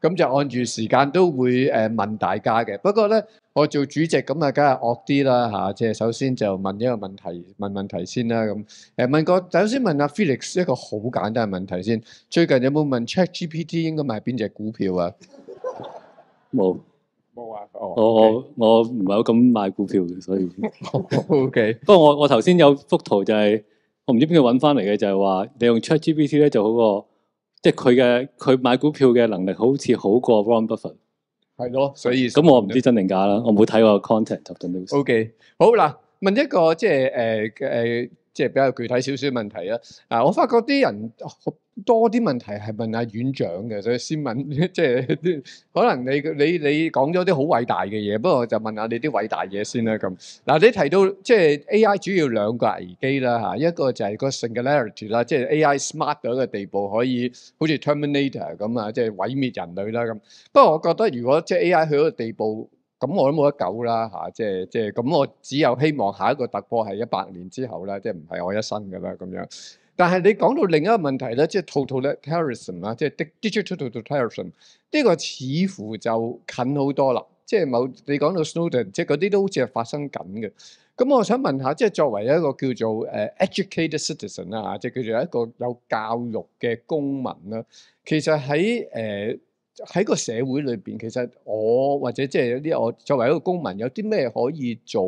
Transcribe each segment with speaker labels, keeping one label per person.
Speaker 1: 咁就按住時間都會誒問大家嘅。不過咧，我做主席咁啊，梗係惡啲啦嚇。即係首先就問一個問題，問問題先啦。咁誒問過，首先問阿、啊、Felix 一個好簡單嘅問題先。最近有冇問 ChatGPT 應該買邊隻股票啊？冇冇
Speaker 2: 啊？我我我唔係好敢買股票，所以。
Speaker 1: OK。不過
Speaker 2: 我我頭先有幅圖就係、是、我唔知邊度揾翻嚟嘅，就係、是、話你用 ChatGPT 咧做嗰個。即係佢嘅佢買股票嘅能力好似好過 Warren Buffett，
Speaker 1: 係咯， 所以咁
Speaker 2: 我唔知真定假啦， 我冇睇過 content。OK，
Speaker 1: 好啦，問一個即係誒誒。呃呃即係比較具體少少問題啊！啊，我發覺啲人多啲問題係問下院長嘅，所以先問即係可能你你你講咗啲好偉大嘅嘢，不過我就問下你啲偉大嘢先啦、啊、咁。嗱、啊，你提到即係 A.I. 主要兩個危機啦嚇、啊，一個就係個 Singularity 啦，即係 A.I. smart 到一個地步可以好似 Terminator 咁啊，即係毀滅人類啦咁。不過我覺得如果即係 A.I. 去到個地步，咁我都冇得救啦嚇，即係即係咁，就是就是、我只有希望下一個突破係一百年之後啦，即係唔係我一生噶啦咁樣。但係你講到另一個問題咧，即、就、係、是、totalitarianism 啊，即係 digital totalitarianism 呢個似乎就近好多啦。即係冇你講到 Snowden，即係嗰啲都好似係發生緊嘅。咁我想問下，即、就、係、是、作為一個叫做誒 educated citizen 啊，即係叫做一個有教育嘅公民啦，其實喺誒。呃喺個社會裏邊，其實我或者即係有啲我作為一個公民，有啲咩可以做？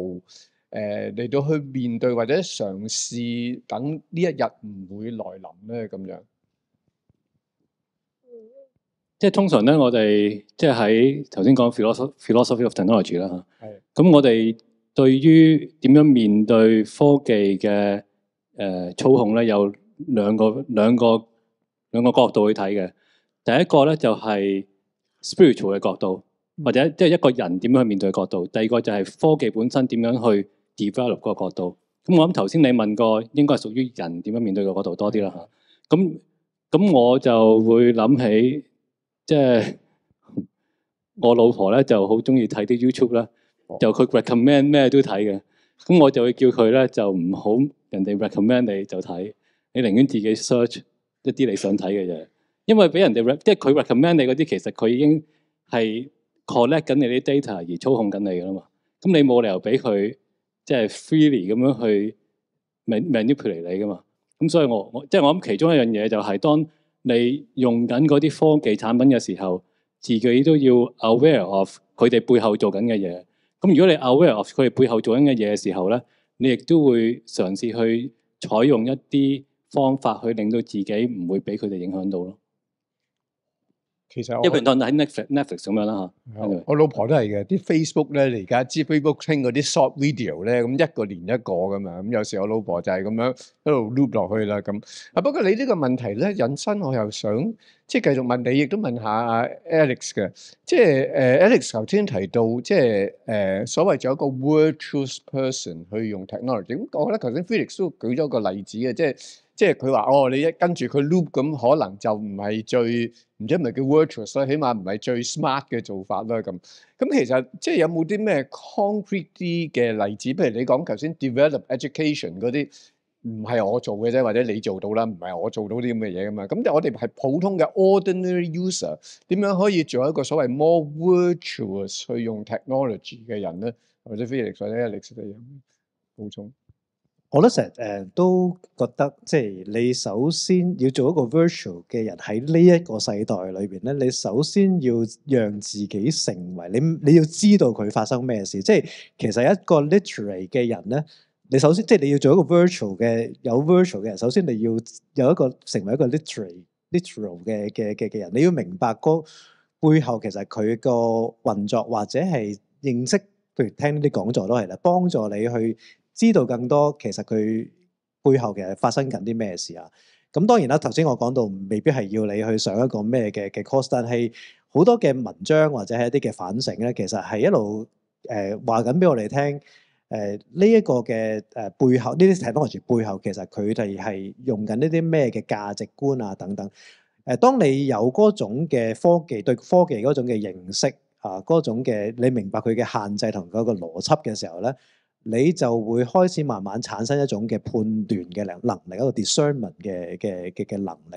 Speaker 1: 誒、呃，嚟到去面對或者嘗試，等呢一日唔會來臨咧，咁樣、
Speaker 2: 嗯。即係通常咧，我哋即係喺頭先講 philosophy of technology 啦嚇的。係。咁我哋對於點樣面對科技嘅誒、呃、操控咧，有兩個兩個兩個角度去睇嘅。第一個咧就係 spiritual 嘅角度，或者即係一個人點樣去面對嘅角度。第二個就係科技本身點樣去 develop 個角度。咁我諗頭先你問過，應該係屬於人點樣面對個角度多啲啦吓。咁咁我就會諗起，即係我老婆咧就好中意睇啲 YouTube 啦，就佢 recommend 咩都睇嘅。咁我就會叫佢咧就唔好人哋 recommend 你就睇，你寧願自己 search 一啲你想睇嘅嘢。因為俾人哋即係佢 recommend 你嗰啲，其實佢已經係 collect 緊你啲 data 而操控緊你噶啦嘛。咁你冇理由俾佢即係 freely 咁樣去 manipulate 你噶嘛。咁所以我我即係我諗其中一樣嘢就係，當你用緊嗰啲科技產品嘅時候，自己都要 aware of 佢哋背後做緊嘅嘢。咁如果你 aware of 佢哋背後做緊嘅嘢嘅時候咧，你亦都會嘗試去採用一啲方法去令到自己唔會俾佢哋影響
Speaker 1: 到咯。其實，
Speaker 2: 一平台喺
Speaker 1: Netflix 咁樣啦吓。我老婆都係嘅，啲 Facebook 咧，你而家知 Facebook 傾嗰啲 short video 咧，咁一個連一個噶嘛。咁有時我老婆就係咁樣一路 loop 落去啦咁。啊，不過你呢個問題咧引申，我又想即係繼續問你，亦都問下 Alex 嘅。即係誒 Alex 頭先提到，即係誒所謂有一個 virtuous person 去用 technology。咁我覺得頭先 Felix 都舉咗一個例子嘅，即係。即係佢話：哦，你一跟住佢 loop 咁，可能就唔係最係唔知咪叫 virtuous，所以起碼唔係最 smart 嘅做法啦。咁咁其實即係有冇啲咩 concrete 啲嘅例子？譬如你講頭先 develop education 嗰啲，唔係我做嘅啫，或者你做到啦，唔係我做到啲咁嘅嘢噶嘛。咁我哋係普通嘅 ordinary user，點樣可以做一個所謂 more virtuous 去用 technology 嘅人咧？或者 Felix 或者 Alex 嚟補充。
Speaker 3: 我都成日誒都覺得，即係你首先要做一個 virtual 嘅人喺呢一個世代裏邊咧，你首先要讓自己成為你你要知道佢發生咩事。即係其實一個 literary 嘅人咧，你首先即係你要做一個 virtual 嘅有 virtual 嘅人，首先你要有一個成為一個 literary liter、literal 嘅嘅嘅嘅人，你要明白嗰背後其實佢個運作或者係認識，譬如聽呢啲講座都係啦，幫助你去。知道更多其實佢背後其實發生緊啲咩事啊。咁當然啦，頭先我講到未必係要你去上一個咩嘅嘅 course，但係好多嘅文章或者係一啲嘅反省咧，其實係一路誒話緊俾我哋聽誒呢一個嘅誒背後呢啲 technology 背後其實佢哋係用緊呢啲咩嘅價值觀啊等等誒、呃。當你有嗰種嘅科技對科技嗰種嘅認識啊，嗰、呃、種嘅你明白佢嘅限制同嗰個邏輯嘅時候咧。你就會開始慢慢產生一種嘅判斷嘅能能力，一個 discernment 嘅嘅嘅嘅能力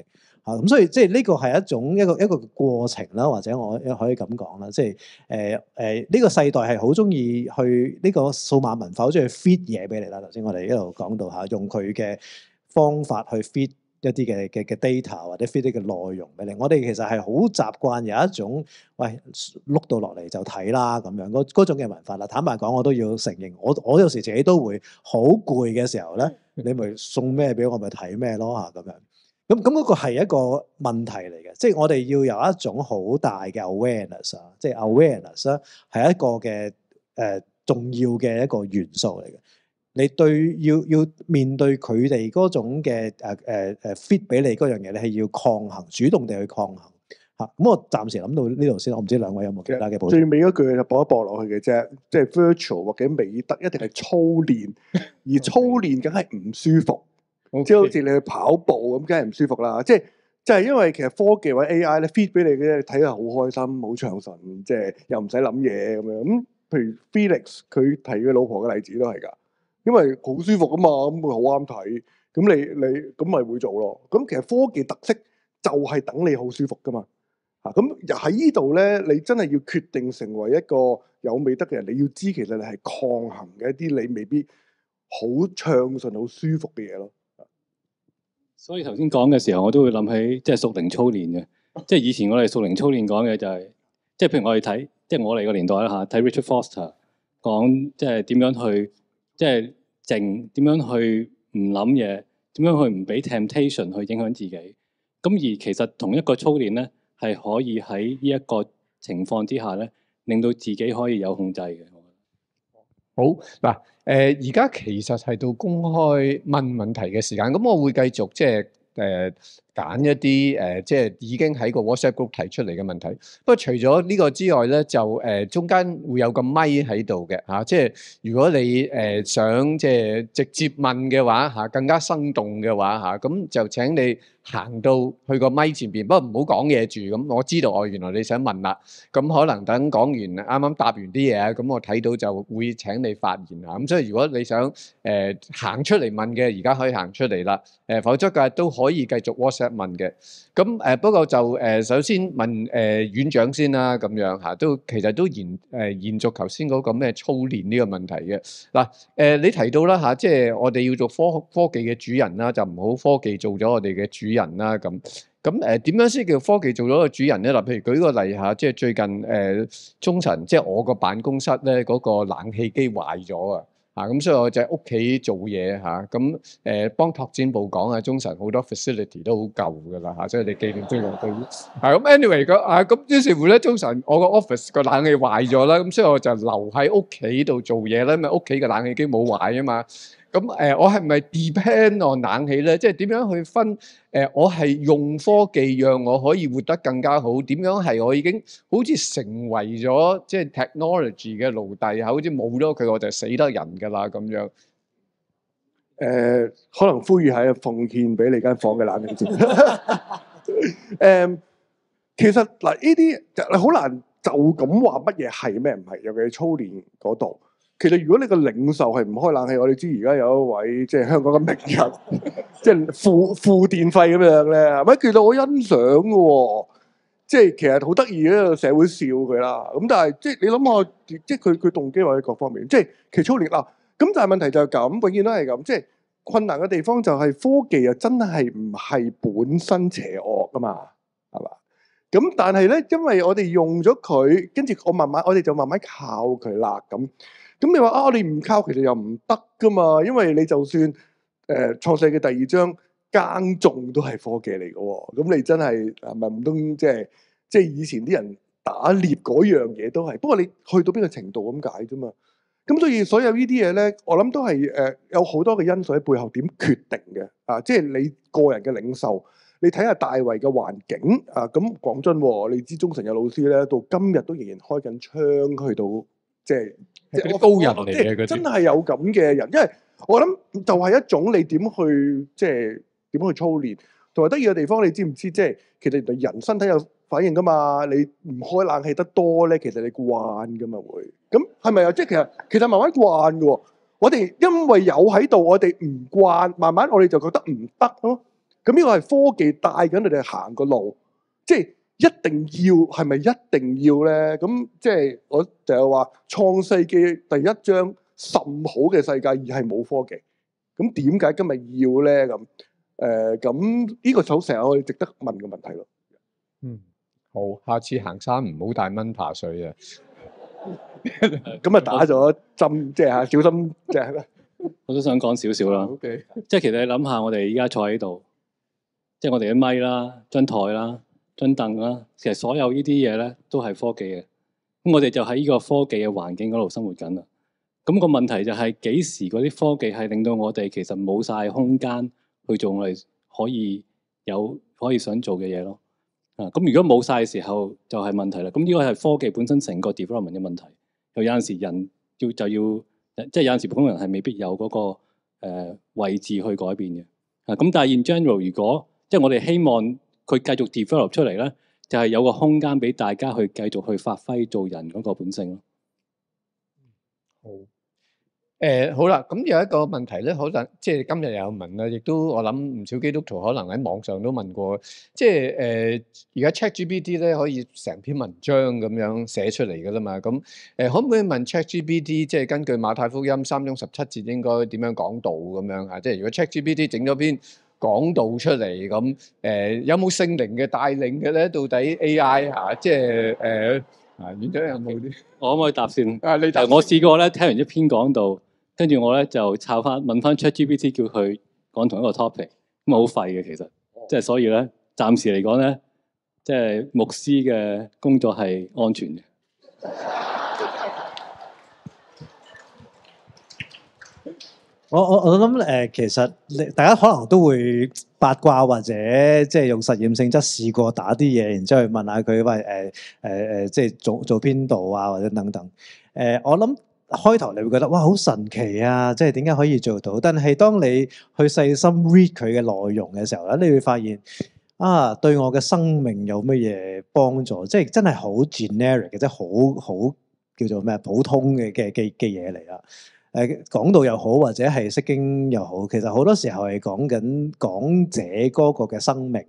Speaker 3: 嚇。咁、啊、所以即係呢個係一種一個一個過程啦，或者我可以咁講啦。即係誒誒，呢、呃呃呢個世代係好中意去呢、呢個數碼文化去，好中意 feed 嘢俾你啦。頭先我哋一路講到嚇，用佢嘅方法去 feed。一啲嘅嘅嘅 data 或者 feed 啲嘅內容俾你，我哋其實係好習慣有一種喂，碌到落嚟就睇啦咁樣，嗰嗰種嘅文法啦。坦白講，我都要承認我我有時自己都會好攰嘅時候咧，你咪送咩俾我咪睇咩咯吓，咁樣，咁咁嗰個係一個問題嚟嘅，即係我哋要有一種好大嘅 awareness，啊，即係 awareness 係一個嘅誒重要嘅一個元素嚟嘅。你對要要面對佢哋嗰種嘅誒誒誒 fit 俾你嗰樣嘢，你係要抗衡，主動地去抗衡嚇。咁我暫時諗到呢度先，我唔知兩位有冇其他嘅補充。最
Speaker 4: 尾嗰句就搏一搏落去嘅啫，即係 virtual 或者美德一定係操練，而操練梗係唔舒服，即係 Okay. 好似你去跑步咁，梗係唔舒服啦。即係就係、是、因為其實科技或者 AI 咧 fit 俾你嘅啫，睇下好開心、好暢順，即係又唔使諗嘢咁樣。咁譬如 Felix 佢提佢老婆嘅例子都係㗎。因為好舒服啊嘛，咁會好啱睇，咁你你咁咪會做咯。咁其實科技特色就係等你好舒服噶嘛，嚇，咁喺呢度咧，你真係要決定成為一個有美德嘅人，你要知其實你係抗衡嘅一啲你未必好暢順、好舒服嘅嘢咯。
Speaker 2: 所以頭先講嘅時候，我都會諗起即係屬靈操練嘅，即係以前我哋屬靈操練講嘅就係、是，即係譬如我哋睇，即係我哋個年代啦嚇，睇 Richard Foster 講即係點樣去。即係靜點樣去唔諗嘢，點樣去唔俾 temptation 去影響自己。咁而其實同一個操練咧，係可以喺呢一個情況之下咧，令到自己可以有控制嘅。
Speaker 1: 好，嗱，誒而家其實係到公開問問題嘅時間，咁我會繼續即係誒。呃揀一啲誒、呃，即係已經喺個 WhatsApp group 提出嚟嘅問題。不過除咗呢個之外咧，就誒、呃、中間會有個咪喺度嘅嚇，即係如果你誒想、呃、即係直接問嘅話嚇、啊，更加生動嘅話嚇，咁、啊、就請你行到去個咪前邊，不過唔好講嘢住。咁我知道哦，原來你想問啦。咁可能等講完啱啱答完啲嘢，咁我睇到就會請你發言嚇。咁所以如果你想誒行、呃、出嚟問嘅，而家可以行出嚟啦。誒、呃，否則嘅都可以繼續 WhatsApp。問嘅，咁誒，不過就誒、呃，首先問誒、呃，院長先啦，咁樣吓，都其實都延誒、呃、延續頭先嗰個咩操練呢個問題嘅。嗱、啊，誒、呃，你提到啦吓、啊，即係我哋要做科科技嘅主人啦，就唔好科技做咗我哋嘅主人啦。咁，咁誒，點、呃、樣先叫科技做咗個主人咧？嗱、啊，譬如舉個例吓、啊，即係最近誒、呃，中神，即係我個辦公室咧，嗰、那個冷氣機壞咗啊。啊，咁所以我就喺屋企做嘢嚇，咁誒幫拓展部講啊，中神好多 facility 都好舊噶啦嚇，所以你紀念都要對。係咁，anyway 個啊咁於是乎咧，中神我個 office 個冷氣壞咗啦，咁所以我就留喺屋企度做嘢啦，因為屋企嘅冷氣機冇壞啊嘛。咁誒、嗯，我係唔係 depend 我冷氣咧？即係點樣去分？誒、呃，我係用科技讓我可以活得更加好。點樣係我已經好似成為咗即係 technology 嘅奴隸啊？好似冇咗佢我就死得人㗎啦咁樣。
Speaker 4: 誒、呃，可能呼籲喺奉獻俾你間房嘅冷氣先、 呃。其實嗱，呢啲好難就咁話乜嘢係咩唔係，尤其係操練嗰度。其實如果你個領袖係唔開冷氣，我哋知而家有一位即係香港嘅名人， 即係付付電費咁樣咧，咪見到我欣賞嘅喎，即係其實好得意嘅，成個社會笑佢啦。咁但係即係你諗下，即係佢佢動機或者各方面，即係其操業嗱。咁但係問題就係咁，永遠都係咁。即係困難嘅地方就係科技啊，真係唔係本身邪惡㗎嘛，係嘛？咁但係咧，因為我哋用咗佢，跟住我慢慢，我哋就慢慢靠佢啦咁。咁、嗯、你話啊，你唔靠其實又唔得噶嘛，因為你就算誒、呃、創世嘅第二章耕種都係科技嚟嘅喎，咁、嗯、你真係咪唔通即係即係以前啲人打獵嗰樣嘢都係。不過你去到邊個程度咁解啫嘛？咁、嗯、所以所有呢啲嘢咧，我諗都係誒、呃、有好多嘅因素喺背後點決定嘅啊，即係你個人嘅領袖，你睇下大衛嘅環境啊。咁講真喎，你知中神嘅老師咧，到今日都仍然開緊窗去到即係，啲高人嚟嘅，即係啲真係有咁嘅人。因為即係我諗就係一種你點去即係點去操練，同埋得意嘅地方，你知唔知？即係其實人身體有反應噶嘛。你唔開冷氣得多咧，其實你慣噶嘛會。咁係咪啊？即係其實其實慢慢慣嘅。我哋因為有喺度，我哋唔慣，慢慢我哋就覺得唔得咯。咁呢個係科技帶緊你哋行個路，即係。一定要係咪一定要咧？咁即係我就係話創世記第一章甚好嘅世界而係冇科技，咁點解今日要咧？咁誒咁呢個手成日我哋值得問嘅問題咯。嗯，
Speaker 1: 好，下次行山唔好帶蚊爬水啊！咁啊打
Speaker 4: 咗針，即係嚇小心，
Speaker 1: 即係我都想講少少啦。OK，
Speaker 2: 即係其實你諗下，我哋依家坐喺度，即係我哋啲麥啦，張台啦。張凳啦，其實所有呢啲嘢咧都係科技嘅。咁我哋就喺呢個科技嘅環境嗰度生活緊啦。咁個問題就係幾時嗰啲科技係令到我哋其實冇晒空間去做我哋可以有可以想做嘅嘢咯。啊，咁如果冇晒嘅時候就係問題啦。咁呢個係科技本身成個 development 嘅問題。又有陣時人要就要即係有陣時普通人係未必有嗰個，呃，位置去改變嘅。啊，咁但係 in general 如果即係我哋希望。佢繼續 develop 出嚟咧，就係、是、有個空間俾大家去繼續去發揮做人嗰個本性咯、嗯。
Speaker 1: 好，誒、呃、好啦，咁有一個問題咧，可能即係今日有問啦，亦都我諗唔少基督徒可能喺網上都問過，即係誒、呃、而家 ChatGPT 咧可以成篇文章咁樣寫出嚟噶啦嘛，咁誒、呃、可唔可以問 ChatGPT 即係根據馬太福音三章十七節應該點樣講道咁樣啊？即係如果 ChatGPT 整咗篇講道出嚟咁，誒、呃、有冇聖靈嘅帶領嘅咧？到底 AI 嚇，即係誒啊，院長有冇啲 Okay,
Speaker 2: 我可唔可以答先。誒，你答先。我試過咧，聽完一篇講道，跟住我咧就抄翻問翻 ChatGPT 叫佢講同一個 topic，咁啊好廢嘅其實。即係所以咧，暫時嚟講咧，即係牧師嘅工作係安全嘅。
Speaker 3: 我我我諗誒，其實大家可能都會八卦或者即係用實驗性質試過打啲嘢，然之後去問下佢喂誒誒誒，即係做做邊度啊或者等等。誒、呃，我諗開頭你會覺得哇，好神奇啊！即係點解可以做到？但係當你去細心 read 佢嘅內容嘅時候咧，你會發現啊，對我嘅生命有乜嘢幫助？即係真係好 generic，即係好好叫做咩普通嘅嘅嘅嘅嘢嚟啦。誒講道又好，或者係釋經又好，其實好多時候係講緊講者嗰個嘅生命，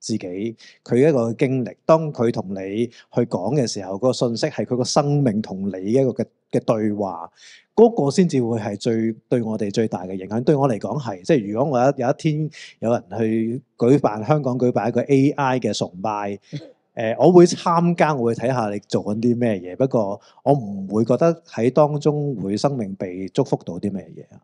Speaker 3: 自己佢一個經歷。當佢同你去講嘅時候，個信息係佢個生命同你一個嘅嘅對話，嗰個先至會係最對我哋最大嘅影響。對我嚟講係，即係如果我一有一天有人去舉辦香港舉辦一個 AI 嘅崇拜。 誒、呃，我會參加，我會睇下你做緊啲咩嘢。不過我唔會覺得喺當中會生命被祝福到啲咩嘢
Speaker 4: 啊。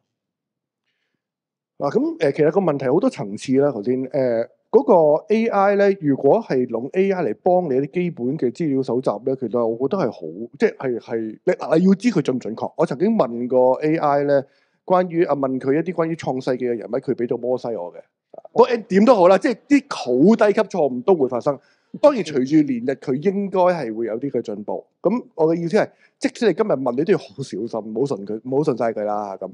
Speaker 4: 嗱，咁誒，其實個問題好多層次啦，頭先。誒、呃，嗰、嗰個 A I 咧，如果係用 A I 嚟幫你啲基本嘅資料搜集咧，其實我覺得係好，即係係你嗱，你要知佢準唔準確。我曾經問過 A I 咧，關於啊問佢一啲關於創世紀嘅人物，佢俾到摩西我嘅。我點都好啦，即係啲好低級錯誤都會發生。當然，隨住年日，佢應該係會有啲嘅進步。咁我嘅意思係，即使你今日問你都要好小心，唔好信佢，唔好信晒佢啦。咁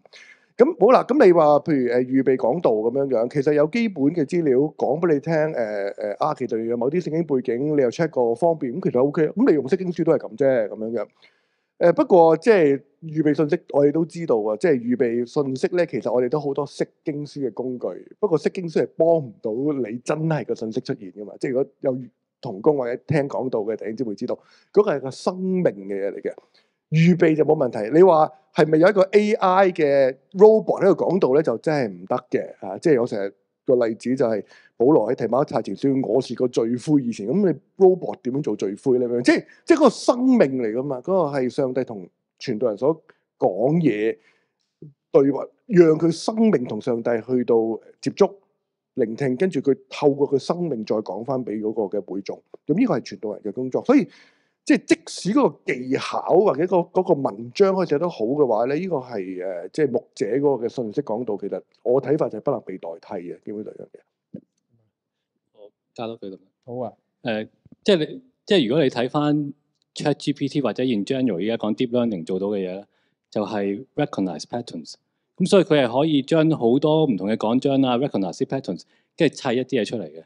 Speaker 4: 咁好啦。咁你話譬如誒、呃、預備講道咁樣樣，其實有基本嘅資料講俾你聽。誒、呃、誒，阿、啊、其就有某啲聖經背景，你又 check 過方便。咁其實 O、OK、K。咁你用釋經書都係咁啫。咁樣樣誒、呃，不過即係預備信息，我哋都知道啊。即係預備信息咧，其實我哋都好多釋經書嘅工具。不過釋經書係幫唔到你真係個信息出現㗎嘛。即係如果有……同工或者聽講道嘅，突然之間會知道，嗰個係個生命嘅嘢嚟嘅，預備就冇問題。你話係咪有一個 A I 嘅 robot 喺度講道咧，就真係唔得嘅啊！即係我成日個例子就係保羅喺提摩太前書，我是個罪魁。以前。咁你 robot 點樣做罪魁咧？即係即係嗰個生命嚟噶嘛？嗰個係上帝同全隊人所講嘢對話，讓佢生命同上帝去到接觸。聆聽，跟住佢透過佢生命再講翻俾嗰個嘅會眾，咁呢個係傳道人嘅工作。所以即係即使嗰個技巧或者嗰嗰個文章可以寫得好嘅話咧，呢、這個係誒即係牧者嗰個嘅信息講到，其實我睇法就係不能被代替嘅，基本嚟講嘅。好，加多句咁。好
Speaker 2: 啊。誒、呃，即係你，即係如果你睇翻 ChatGPT 或者 In General 而家講 Deep Learning 做到嘅嘢咧，就係、是、recognize patterns。咁所以佢係可以將好多唔同嘅講章啊、recognize patterns，跟住砌一啲嘢出嚟嘅。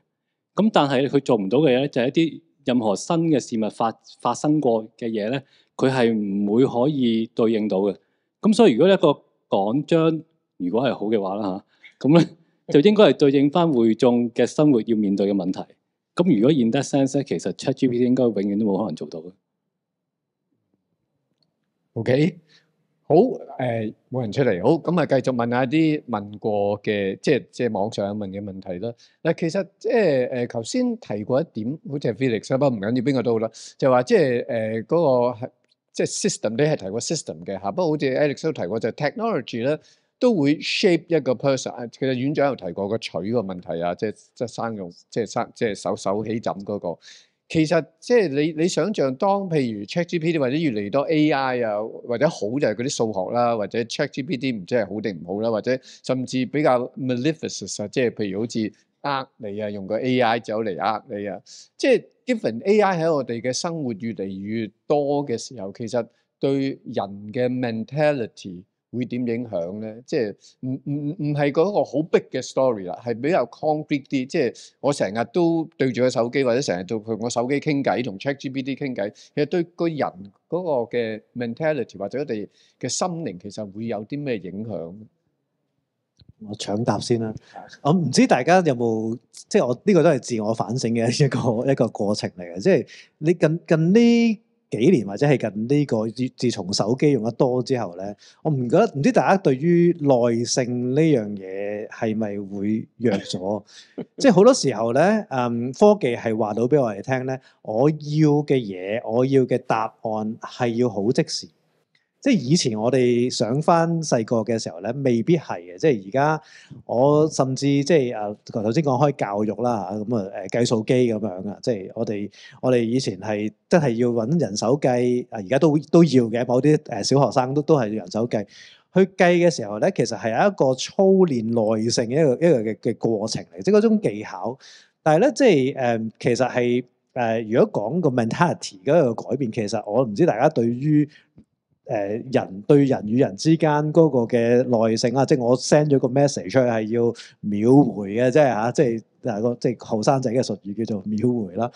Speaker 2: 咁但係佢做唔到嘅嘢咧，就係一啲任何新嘅事物發發生過嘅嘢咧，佢係唔會可以對應到嘅。咁所以如果一個講章如果係好嘅話啦吓，咁咧就應該係對應翻會眾嘅生活要面對嘅問題。咁 如果 in that sense 咧，其實 Chat GPT 應該永遠都冇可能做到嘅。
Speaker 1: OK。好誒，冇、呃、人出嚟。好，咁、嗯、啊，繼續問下啲問過嘅，即係即係網上有問嘅問題啦。嗱，其實即係誒，頭先提過一點，好似係 Felix 不過唔緊要邊個都好啦。就話即係誒，嗰、呃那個即係 system，你係提過 system 嘅嚇。不過好似 Alex 都提過就係、technology 咧，都會 shape 一個 person。其實院長有提過個取個問題啊，即係即係生用，即係生即係手手起枕嗰、那個。其實即係你你想像當譬如 ChatGPT 或者越嚟越多 AI 啊，或者好就係嗰啲數學啦、啊，或者 ChatGPT 唔知係好定唔好啦、啊，或者甚至比較 maleficent 啊，即係譬如好似呃你啊，用個 AI 走嚟呃你啊，即係 even AI 喺我哋嘅生活越嚟越多嘅時候，其實對人嘅 mentality，會點影響咧？即係唔唔唔唔係嗰個好 big 嘅 story 啦，係比較 concrete 啲。即係我成日都對住個手機，或者成日都用我手機傾偈，同 check GPT 傾偈。其實對個人嗰個嘅 mentality
Speaker 3: 或者佢哋嘅心靈，其實會有啲咩影響？我搶答先啦。我唔知大家有冇即係我呢、這個都係自我反省嘅一個一個過程嚟嘅。即係你近近呢？幾年或者係近呢個自自從手機用得多之後咧，我唔覺得，唔知大家對於耐性呢樣嘢係咪會弱咗？ 即係好多時候咧，嗯，科技係話到俾我哋聽咧，我要嘅嘢，我要嘅答案係要好即時。即係以前我哋想翻細個嘅時候咧，未必係嘅。即係而家我甚至即係誒頭先講開教育啦嚇，咁啊誒計數機咁樣啊。樣即係我哋我哋以前係真係要揾人手計，而、啊、家都都要嘅。某啲誒小學生都都係要人手計去計嘅時候咧，其實係有一個操練耐性嘅一個一個嘅嘅過程嚟，即係嗰種技巧。但係咧，即係誒、嗯、其實係誒、呃、如果講個 mentality 嗰個改變，其實我唔知大家對於。誒、呃、人對人與人之間嗰個嘅耐性啊，即係我 send 咗個 message 出去，係要秒回嘅、嗯，即係嚇，即係嗱個即係後生仔嘅術語叫做秒回啦。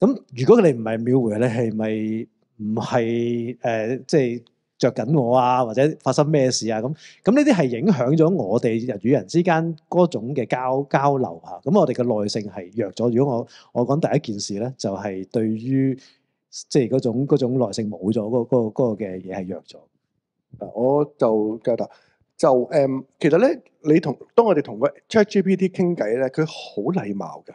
Speaker 3: 咁如果佢哋唔係秒回咧，係咪唔係誒？即係著緊我啊，或者發生咩事啊？咁咁呢啲係影響咗我哋人與人之間嗰種嘅交交流嚇。咁我哋嘅耐性係弱咗。如果我我講第一件事咧，就係、是、對於。即係嗰種種耐性冇咗，嗰、嗰、嗰個嘅嘢
Speaker 4: 係弱咗。嗱，我就覺得，就誒、嗯，其實咧，你同當我哋同個 ChatGPT 傾偈咧，佢好禮貌噶。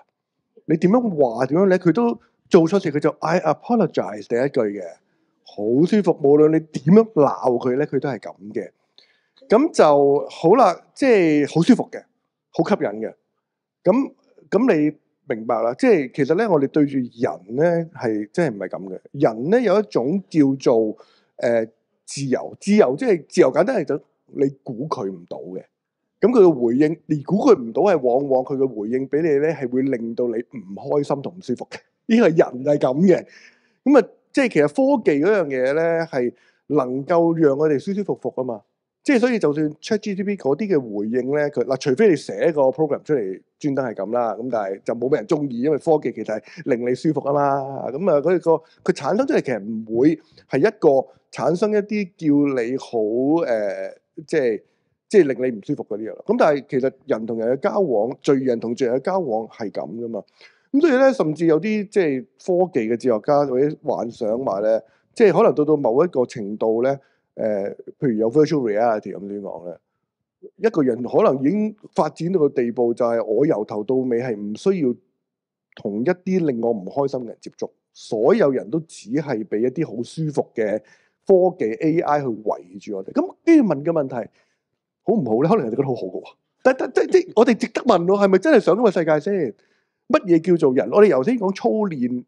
Speaker 4: 你點樣話點樣咧，佢都做錯事，佢就 I apologize 第一句嘅，好舒服。無論你點樣鬧佢咧，佢都係咁嘅。咁就好啦，即係好舒服嘅，好吸引嘅。咁咁你。明白啦，即係其實咧，我哋對住人咧係即係唔係咁嘅。人咧有一種叫做誒、呃、自由，自由即係自由簡，簡單係就你估佢唔到嘅。咁佢嘅回應，你估佢唔到係，往往佢嘅回應俾你咧係會令到你唔開心同唔舒服嘅。呢個人係咁嘅。咁啊，即係其實科技嗰樣嘢咧係能夠讓我哋舒舒服服啊嘛。即係所以，就算 ChatGPT 嗰啲嘅回應咧，佢嗱，除非你寫個 program 出嚟，專登係咁啦，咁但係就冇俾人中意，因為科技其實係令你舒服啊嘛。咁、嗯、啊，佢個佢產生出嚟其實唔會係一個產生一啲叫你好誒、呃，即係即係令你唔舒服嗰啲嘢。咁但係其實人同人嘅交往，罪人同罪人嘅交往係咁噶嘛。咁、嗯、所以咧，甚至有啲即係科技嘅哲學家，或者幻想話咧，即係可能到到某一個程度咧。誒、呃，譬如有 virtual reality 咁先講咧，一個人可能已經發展到個地步，就係我由頭到尾係唔需要同一啲令我唔開心嘅人接觸，所有人都只係俾一啲好舒服嘅科技 AI 去圍住我哋。咁跟住問嘅問題，好唔好咧？可能人哋覺得好好嘅喎，但但即即我哋值得問咯，係咪真係上呢個世界先？乜嘢叫做人？我哋頭先講操練，誒、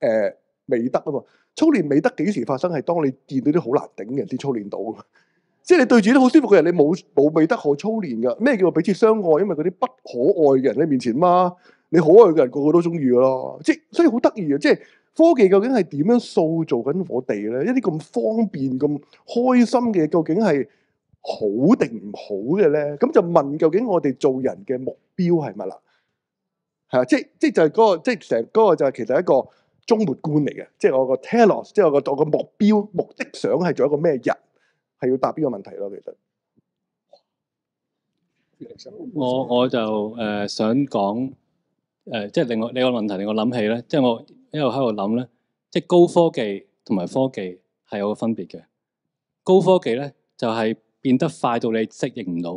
Speaker 4: 呃。美德啊嘛，操練美德幾時發生？係當你見到啲好難頂嘅人先操練到， 即係你對住啲好舒服嘅人，你冇冇美德可操練嘅。咩叫彼此相愛？因為嗰啲不可愛嘅人喺面前嘛，你可愛嘅人個個都中意嘅咯。即係所以好得意啊！即係科技究竟係點樣塑造緊我哋咧？一啲咁方便、咁開心嘅嘢，究竟係好定唔好嘅咧？咁就問究竟我哋做人嘅目標係乜啦？係啊，即係即係就係、是、嗰、嗰個，即係成嗰個就係其實一個。終末觀嚟嘅，即係我個 telos，即係我個我個目標目的想係做一個咩人，係要答呢個問題咯。其實
Speaker 2: 我我就誒、呃、想講誒，即、呃、係、就是、另外你個問題令我諗起咧，即、就、係、是、我一路喺度諗咧，即、就、係、是、高科技同埋科技係有個分別嘅。高科技咧就係、是、變得快到你適應唔到，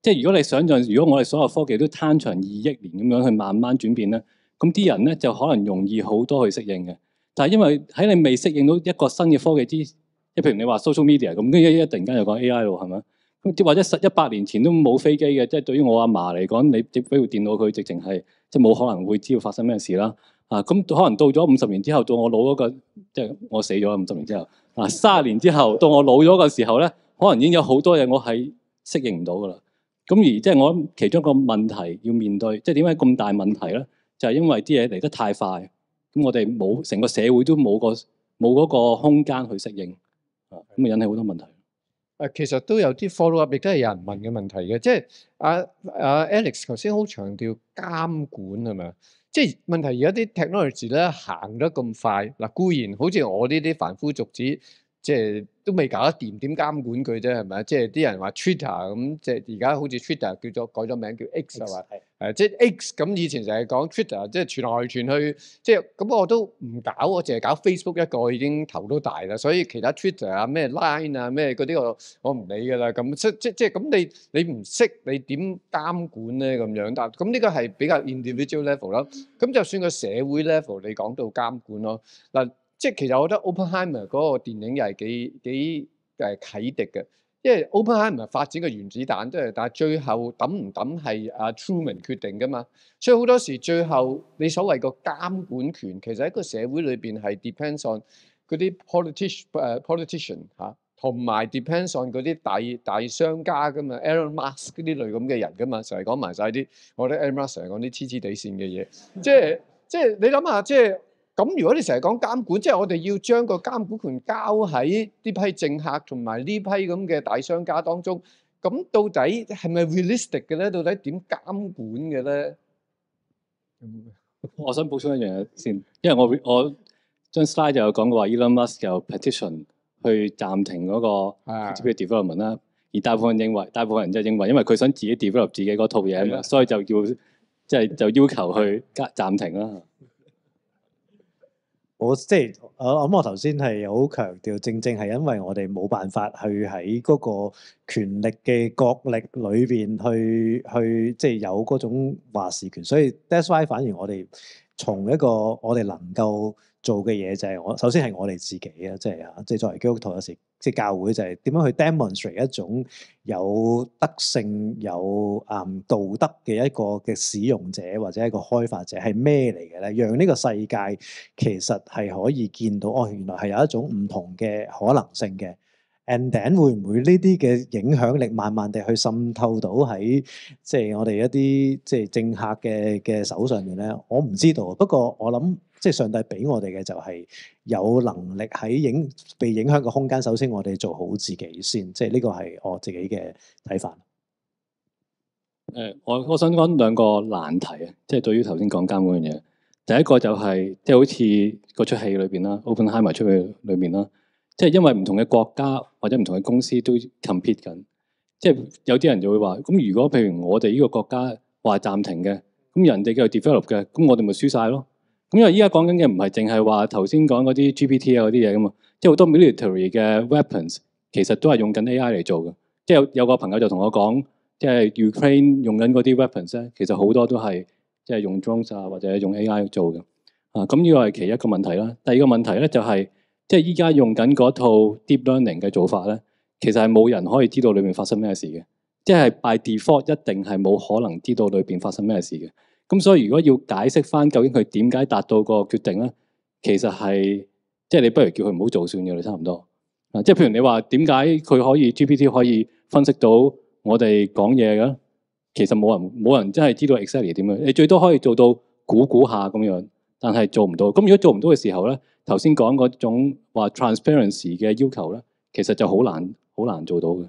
Speaker 2: 即、就、係、是、如果你想像，如果我哋所有科技都攤長二億年咁樣去慢慢轉變咧。咁啲人咧就可能容易好多去適應嘅，但係因為喺你未適應到一個新嘅科技之前，即譬如你話 social media 咁，跟住一,一突然間又講 AI 咯，係咪啊？咁或者十一百年前都冇飛機嘅，即係對於我阿嫲嚟講，你接俾部電腦佢，直情係即係冇可能會知道發生咩事啦。啊，咁可能到咗五十年之後，到我老嗰個，即係我死咗五十年之後，啊，三十年之後，到我老咗嘅時候咧，可能已經有好多嘢我係適應唔到噶啦。咁而即係、就是、我諗其中一個問題要面對，即係點解咁大問題咧？就係因為啲嘢嚟得太快，咁我哋冇成個社會都冇個冇嗰個空間去適應，啊咁啊引起好多問題。
Speaker 1: 啊，其實都有啲 follow up 亦都係有人問嘅問題嘅，即係啊啊 Alex 頭先好強調監管係咪？即係問題而家啲 technology 咧行得咁快，嗱固然好似我呢啲凡夫俗子。即係都未搞得掂，點監管佢啫？係咪啊？即係啲人話 Twitter 咁，即係而家好似 Twitter 叫做改咗名叫 X 啊 X,，係誒的，即係 X 咁。以前就係講 Twitter，即係傳來傳去，即係咁我都唔搞，我淨係搞 Facebook 一個已經頭都大啦。所以其他 Twitter 啊、咩 Line 啊、咩嗰啲我我唔理㗎啦。咁即即即咁你你唔識你點監管咧？咁樣，但咁呢個係比較 individual level 啦。咁就算個社會 level，你講到監管咯嗱。即係其實我覺得 Openheimer 嗰個電影又係幾幾誒啟迪嘅，因為 Openheimer 發展個原子彈都係，但係最後抌唔抌係阿 Truman 決定噶嘛，所以好多時最後你所謂個監管權其實喺個社會裏邊係 depends on 嗰啲 politician 誒 politician 嚇，同埋 depends on 嗰啲大大商家噶嘛 a r o n Musk 嗰啲類咁嘅人噶嘛，成日講埋晒啲，我覺得 a r o n Musk 成日講啲黐黐地線嘅嘢，即係即係你諗下即係。咁如果你成日講監管，即係我哋要將個監管權交喺呢批政客同埋呢批咁嘅大商家當中，咁到底係咪 realistic 嘅咧？到底點監管嘅咧？
Speaker 2: 我想補充一樣嘢先，因為我我張 slide 就有講過話，Elon Musk 有 petition 去暫停嗰個 computer development 啦、啊。而大部分人認為，大部分人就認為，因為佢想自己 develop 自己嗰套嘢啊嘛，嗎所以就要即係、就係、就要求去暫停啦。
Speaker 3: 我即係我諗我頭先係又好強調，正正係因為我哋冇辦法去喺嗰個權力嘅角力裏邊去去，即係有嗰種話事權，所以 that's why 反而我哋從一個我哋能夠做嘅嘢就係、是、我首先係我哋自己啊，即係啊，即係作為基督徒有時。即係教會就係點樣去 Demonstrate 一種有德性、有誒道德嘅一個嘅使用者或者一個開發者係咩嚟嘅咧？讓呢個世界其實係可以見到哦，原來係有一種唔同嘅可能性嘅。And then 會唔會呢啲嘅影響力慢慢地去滲透到喺即係我哋一啲即係政客嘅嘅手上面咧？我唔知道，不過我諗。即係上帝俾我哋嘅就係有能力喺影被影響嘅空間。首先，我哋做好自己先。即係呢個係我自己嘅睇法。誒、
Speaker 2: 呃，我我想講兩個難題啊，即係對於頭先講監管嘅嘢。第一個就係即係好似嗰出戲裏邊啦，Oppenheimer 出去裏面啦，即係因為唔同嘅國家或者唔同嘅公司都 compete 緊。即係有啲人就會話，咁如果譬如我哋呢個國家話暫停嘅，咁人哋嘅 develop 嘅，咁我哋咪輸晒咯。咁因為依家講緊嘅唔係淨係話頭先講嗰啲 GPT 啊嗰啲嘢㗎嘛，即係好多 military 嘅 weapons 其實都係用緊 AI 嚟做嘅。即係有有個朋友就同我講，即係 Ukraine 用緊嗰啲 weapons 咧，其實好多都係即係用 drone 啊或者用 AI 做嘅。啊，咁、這、呢個係其一個問題啦。第二個問題咧就係、是，即係依家用緊嗰套 deep learning 嘅做法咧，其實係冇人可以知道裡面發生咩事嘅。即係 by default 一定係冇可能知道裏邊發生咩事嘅。咁所以如果要解釋翻究竟佢點解達到個決定咧，其實係即係你不如叫佢唔好做算嘅，差唔多。啊，即係譬如你話點解佢可以 GPT 可以分析到我哋講嘢嘅，其實冇人冇人真係知道 exactly 點樣。你最多可以做到估估下咁樣，但係做唔到。咁如果做唔到嘅時候咧，頭先講嗰種話 transparency 嘅要求咧，其實就好難好難做到嘅。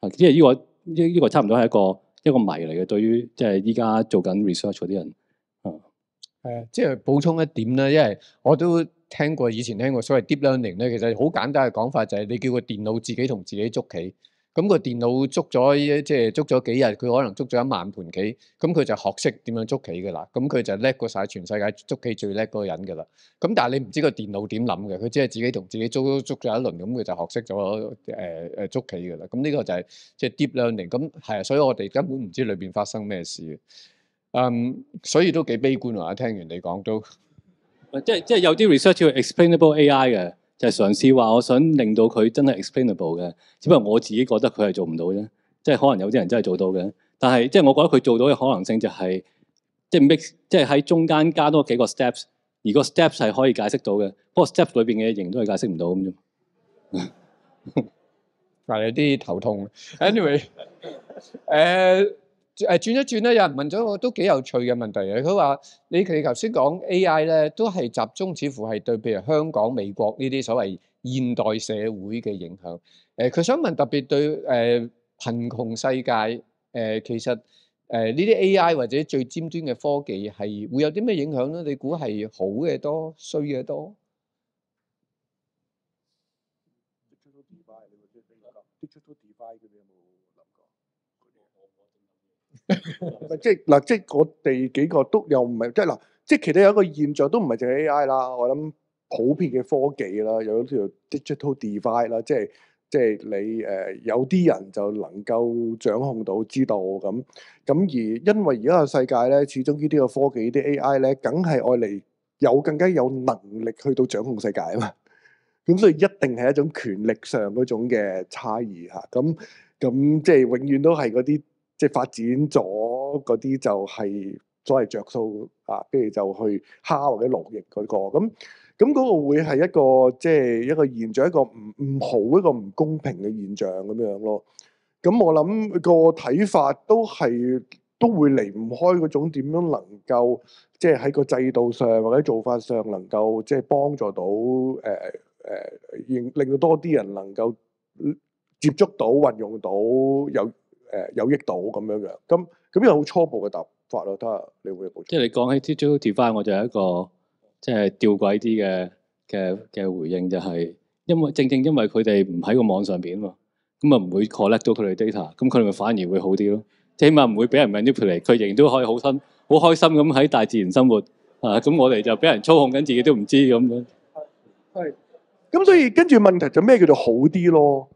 Speaker 2: 啊，即係呢個呢呢個差唔多係一個。一個謎嚟嘅，對於即係依家做緊 research 嗰啲人。嗯、
Speaker 1: 啊，誒，即係補充一點咧，因為我都聽過以前聽過所謂 deep learning 咧，其實好簡單嘅講法就係你叫個電腦自己同自己捉棋。咁個電腦捉咗，即係捉咗幾日，佢可能捉咗一萬盤棋，咁佢就學識點樣捉棋嘅啦。咁佢就叻過晒全世界捉棋最叻嗰個人嘅啦。咁但係你唔知個電腦點諗嘅，佢只係自己同自己捉捉咗一輪，咁佢就學識咗誒誒捉棋嘅啦。咁呢個就係即係 deep learning。咁係啊，所以我哋根本唔知裏邊發生咩事嘅。嗯，所以都幾悲觀啊！聽完你講都
Speaker 2: 即，即係即係有啲 research 叫 explainable AI 嘅。就係嘗試話，我想令到佢真係 explainable 嘅，只不過我自己覺得佢係做唔到啫。即係可能有啲人真係做到嘅，但係即係我覺得佢做到嘅可能性就係、是、即係 make 即係喺中間加多幾個 steps，而個 steps 係可以解釋到嘅。不過 steps 裏邊嘅嘢都係解釋唔到咁啫。但
Speaker 1: 係、 anyway, uh，有啲頭痛。anyway，誒。誒轉一轉咧，有人問咗個都幾有趣嘅問題，佢話：你頭先講 AI 咧，都係集中，似乎係對譬如香港、美國呢啲所謂現代社會嘅影響。誒、呃，佢想問特別對誒貧窮世界誒、呃，其實誒呢、呃、啲 AI 或者最尖端嘅科技係會有啲咩影響咧？你估係好嘅多，衰嘅多？
Speaker 4: 即係嗱，即係我哋幾個都又唔係，即係嗱，即係其實有一個現象都唔係淨係 AI 啦，我諗普遍嘅科技啦，又有條 digital divide 啦，即係即係你誒，有啲人就能夠掌控到知道咁咁，而因為而家個世界咧，始終呢啲個科技呢啲 AI 咧，梗係愛嚟有更加有能力去到掌控世界啊嘛，咁所以一定係一種權力上嗰種嘅差異吓，咁咁即係永遠都係嗰啲。即發展咗嗰啲就係所謂着數啊，不如就去蝦或者攞型嗰個咁，咁嗰個會係一個即係、就是、一個現象，一個唔唔好一個唔公平嘅現象咁樣咯。咁我諗個睇法都係都會離唔開嗰種點樣能夠即係喺個制度上或者做法上能夠即係幫助到誒誒、呃呃、令令到多啲人能夠接觸到運用到有。誒、呃、有益到咁樣嘅，咁咁邊有好初步嘅答法咯。得，你會冇？
Speaker 2: 即係你講起 tutorial 我就係一個即係吊詭啲嘅嘅嘅回應、就是，就係因為正正因為佢哋唔喺個網上邊嘛，咁啊唔會 collect 到佢哋 data，咁佢哋咪反而會好啲咯？起碼唔會俾人 manipulate，佢仍然都可以好新、好開心咁喺大自然生活啊！咁我哋就俾人操控緊自己都唔知咁樣，
Speaker 4: 係咁所以跟住問題就咩叫做好啲咯？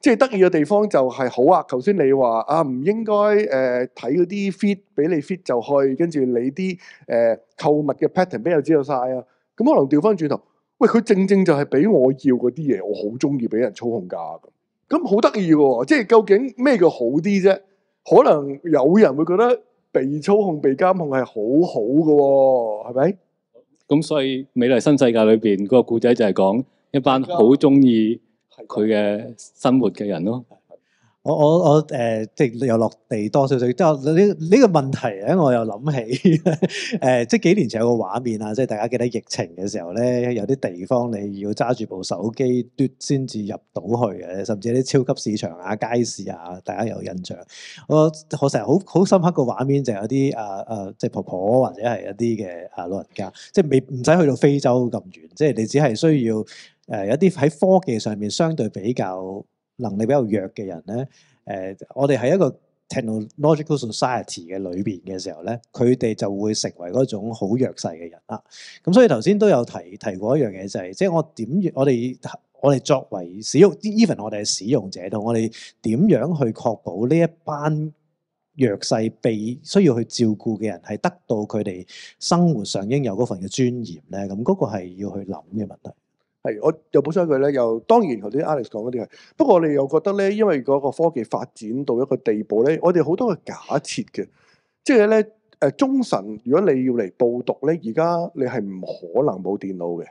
Speaker 4: 即係得意嘅地方就係好啊！頭先你話啊唔應該誒睇嗰啲 fit 俾你 fit 就去，跟住你啲誒、呃、購物嘅 pattern 俾我知道晒啊！咁可能調翻轉頭，喂佢正正就係俾我要嗰啲嘢，我好中意俾人操控噶咁，咁好得意嘅，即係究竟咩叫好啲啫？可能有人會覺得被操控、被監控係好好嘅、哦，係咪？
Speaker 2: 咁所以美麗新世界裏邊嗰個故仔就係講一班好中意。佢嘅生活嘅人
Speaker 3: 咯，我，我我我誒，即、呃、係又落地多少少，即係呢呢個問題，誒，我又諗起誒、呃，即係幾年前有個畫面啊，即係大家記得疫情嘅時候咧，有啲地方你要揸住部手機篤先至入到去嘅，甚至係啲超級市場啊、街市啊，大家有印象。我我成日好好深刻個畫面就、就有啲啊啊，即係婆婆或者係一啲嘅啊老人家，即係未唔使去到非洲咁遠，即係你只係需要。誒、呃、有啲喺科技上面相對比較能力比較弱嘅人咧，誒、呃、我哋喺一個 technological society 嘅裏邊嘅時候咧，佢哋就會成為嗰種好弱勢嘅人啊！咁所以頭先都有提提過一、就是、樣嘢，就係即係我點我哋我哋作為使用 even 我哋係使用者同我哋點樣去確保呢一班弱勢被需要去照顧嘅人係得到佢哋生活上應有嗰份嘅尊
Speaker 4: 嚴咧？咁嗰個係要去諗嘅問題。係，我又補充一句咧。又當然頭先 Alex 講嗰啲係，不過我哋又覺得咧，因為嗰個科技發展到一個地步咧，我哋好多嘅假設嘅，即係咧誒中神，如果你要嚟報讀咧，而家你係唔可能冇電腦嘅。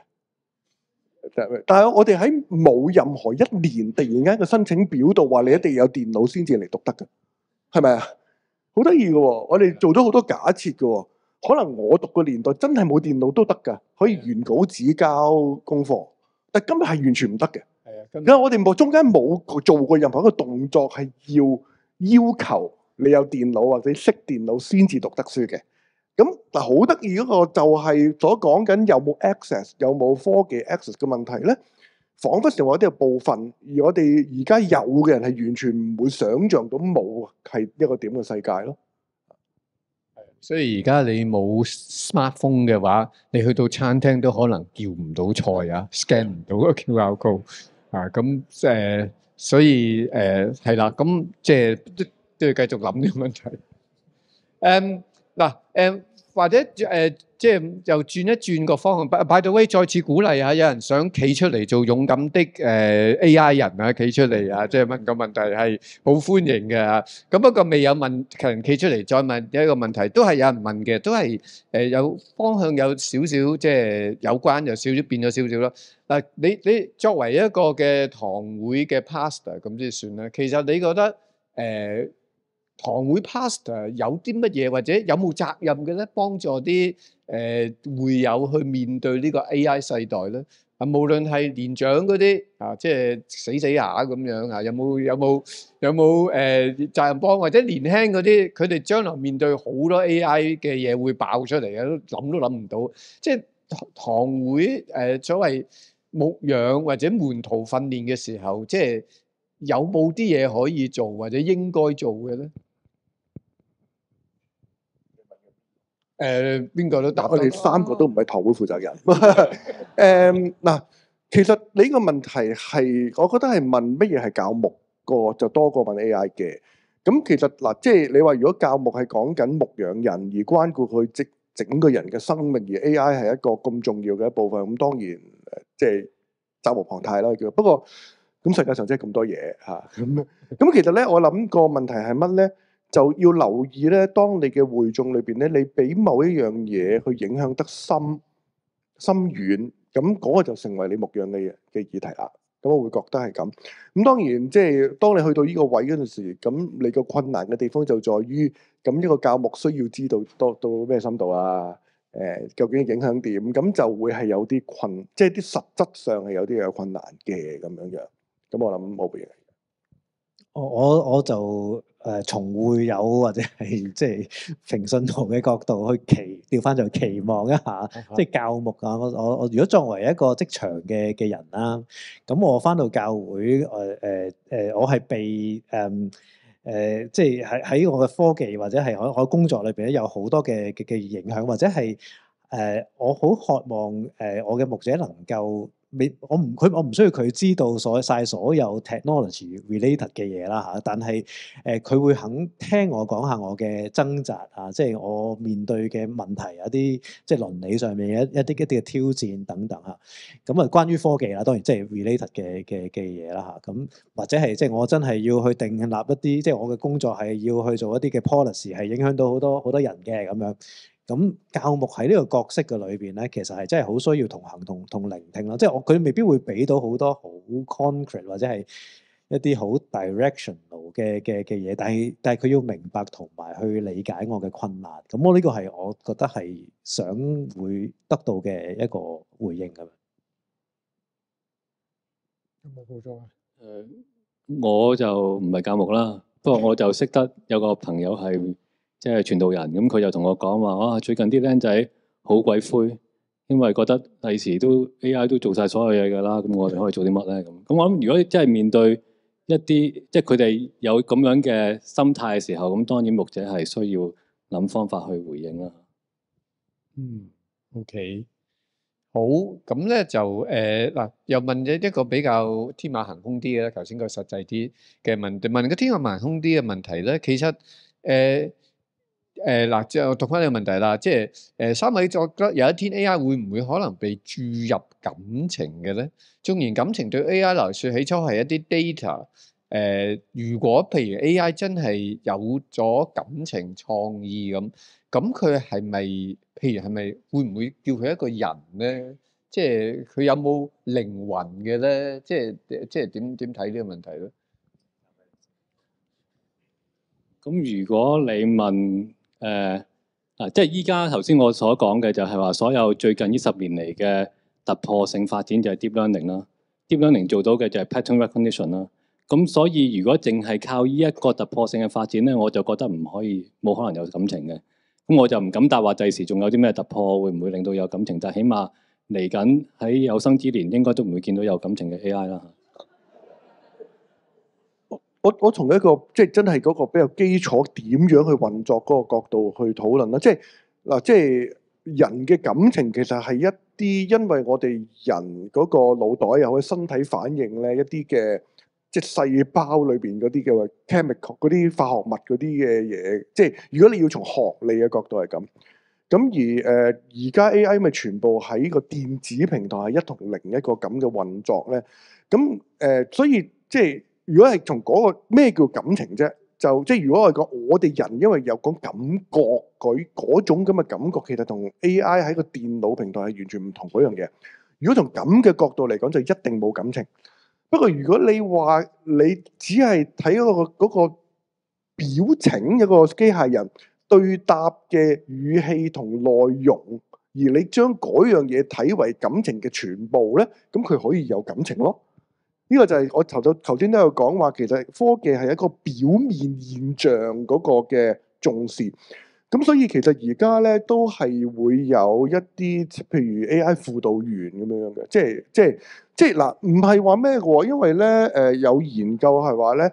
Speaker 4: 但係我哋喺冇任何一年突然間嘅申請表度話你一定要有電腦先至嚟讀得㗎，係咪啊？好得意嘅喎，我哋做咗好多假設嘅，可能我讀個年代真係冇電腦都得㗎，可以原稿紙交功課。但根本係完全唔得嘅，因為我哋冇中間冇做過任何一個動作，係要要求你有電腦或者識電腦先至讀得書嘅。咁但，好得意嗰個就係所講緊有冇 access，有冇科技 access 嘅問題咧，彷彿成為一啲部分，而我哋而家有嘅人係完全唔會想像到冇係一個點嘅世界咯。
Speaker 1: 所以而家你冇 smartphone 嘅話，你去到餐廳都可能叫唔到菜啊，scan 唔 到個 QR code 啊。咁、嗯、誒、呃，所以誒係啦。咁即係都要繼續諗呢個問題。誒嗱誒。嗯嗯。或者誒，即係又轉一轉個方向。By the way，再次鼓勵下，有人想企出嚟做勇敢的誒 AI 人啊，企出嚟啊，即係問個問題係好歡迎嘅嚇。咁不過未有問，有人企出嚟再問第一個問題，都係有人問嘅，都係誒有方向有少少即係有關，有少少變咗少少啦。嗱，你你作為一個嘅堂會嘅 pastor，咁先算啦。其實你覺得誒，堂會 pastor 有啲乜嘢或者有冇責任嘅咧？幫助啲誒、呃、會友去面對呢個 AI 世代咧。啊，無論係年長嗰啲啊，即係死死下咁樣啊，有冇有冇有冇誒、呃、責任幫？或者年輕嗰啲佢哋將來面對好多 AI 嘅嘢會爆出嚟嘅，都諗都諗唔到。即係堂會誒、呃、所謂牧養或者門徒訓練嘅時候，即係有冇啲嘢可以做或者應該做嘅咧？
Speaker 4: 誒，邊個、呃、都答我哋三個都唔係堂會負責人。誒，嗱，其實你個問題係，我覺得係問乜嘢係教牧個就多過問 AI 嘅。咁其實嗱，即係你話如果教牧係講緊牧養人而關顧佢整整個人嘅生命，而 AI 係一個咁重要嘅一部分，咁當然即係責無旁貸啦。不過咁世界上真係咁多嘢吓。咁，咁其實咧，我諗個問題係乜咧？就要留意咧，當你嘅會眾裏邊咧，你俾某一樣嘢去影響得深、深遠，咁嗰個就成為你牧養嘅嘅議題啦。咁我會覺得係咁。咁當然即係當你去到呢個位嗰陣時，咁你個困難嘅地方就在於，咁一個教牧需要知道到到咩深度啊？誒，究竟影響點？咁就會係有啲困，即係啲實質上係有啲嘢困難嘅咁樣樣。咁我諗我會，
Speaker 3: 我我我就。誒、呃、從會友或者係即係平信徒嘅角度去期調翻就期望一下， 即係教牧啊！我我我如果作為一個職場嘅嘅人啦，咁我翻到教會誒誒誒，我係被誒誒、呃呃、即係喺喺我嘅科技或者係我我工作裏邊咧有好多嘅嘅影響，或者係誒我好、呃、渴望誒、呃、我嘅牧者能夠。未，我唔佢，我唔需要佢知道所曬所有 technology related 嘅嘢啦嚇。但係誒，佢、呃、會肯聽我講下我嘅掙扎啊，即、就、係、是、我面對嘅問題、一啲即係倫理上面一一啲一啲嘅挑戰等等嚇。咁啊，嗯、關於科技啊，當然即係、就是、related 嘅嘅嘅嘢啦嚇。咁、啊、或者係即係我真係要去定立一啲，即、就、係、是、我嘅工作係要去做一啲嘅 policy，係影響到好多好多人嘅咁樣。咁教牧喺呢個角色嘅裏邊咧，其實係真係好需要同行同同聆聽咯。即係我佢未必會俾到好多好 concrete 或者係一啲好 directional 嘅嘅嘅嘢，但係但係佢要明白同埋去理解我嘅困難。咁我呢個係我覺得係想會得到嘅一個回應咁樣。
Speaker 1: 有冇補充啊？誒，
Speaker 2: 我就唔係教牧啦，不過我就識得有個朋友係。即係傳道人咁，佢就同我講話：哇、啊！最近啲僆仔好鬼灰，因為覺得第時都 A.I. 都做晒所有嘢㗎啦，咁我哋可以做啲乜咧？咁咁，我諗如果真係面對一啲即係佢哋有咁樣嘅心態嘅時候，咁當然牧者係需要諗方法去回應啦。
Speaker 1: 嗯，OK，好咁咧就誒嗱、呃，又問咗一個比較天馬行空啲嘅，啦。頭先個實際啲嘅問題，問個天馬行空啲嘅問題咧，其實誒。呃誒嗱，即係我讀翻你個問題啦，即係誒三位覺得有一天 A.I. 會唔會可能被注入感情嘅咧？縱然感情對 A.I. 嚟説起初係一啲 data，誒，如果譬如 A.I. 真係有咗感情創意咁，咁佢係咪？譬如係咪會唔會叫佢一個人咧？即係佢有冇靈魂嘅咧？即係即係點點睇呢個問題咧？
Speaker 2: 咁如果你問？誒啊、呃！即係依家頭先我所講嘅就係話，所有最近呢十年嚟嘅突破性發展就係 deep learning 啦。deep learning 做到嘅就係 pattern recognition 啦。咁所以如果淨係靠呢一個突破性嘅發展咧，我就覺得唔可以冇可能有感情嘅。咁我就唔敢答話，第時仲有啲咩突破會唔會令到有感情？但係起碼嚟緊喺有生之年應該都唔會見到有感情嘅 A.I. 啦。
Speaker 4: 我我從一個即係真係嗰個比較基礎點樣去運作嗰個角度去討論啦，即係嗱，即係人嘅感情其實係一啲因為我哋人嗰個腦袋又或者身體反應咧一啲嘅即係細胞裏邊嗰啲叫 chemical 嗰啲化學物嗰啲嘅嘢，即係如果你要從學理嘅角度係咁咁，而誒而家 AI 咪全部喺個電子平台係一同零一個咁嘅運作咧，咁誒、呃、所以即係。如果係從嗰個咩叫感情啫，就即係如果我係講我哋人，因為有個感覺，佢嗰種咁嘅感覺，其實同 AI 喺個電腦平台係完全唔同嗰樣嘢。如果從咁嘅角度嚟講，就一定冇感情。不過如果你話你只係睇一個嗰、嗰個表情，一個機械人對答嘅語氣同內容，而你將嗰樣嘢睇為感情嘅全部咧，咁佢可以有感情咯。呢個就係我頭頭先都有講話，其實科技係一個表面現象嗰個嘅重視。咁所以其實而家咧都係會有一啲譬如 A.I. 輔導員咁樣樣嘅，即係即係即係嗱，唔係話咩喎？因為咧，誒有研究係話咧，誒、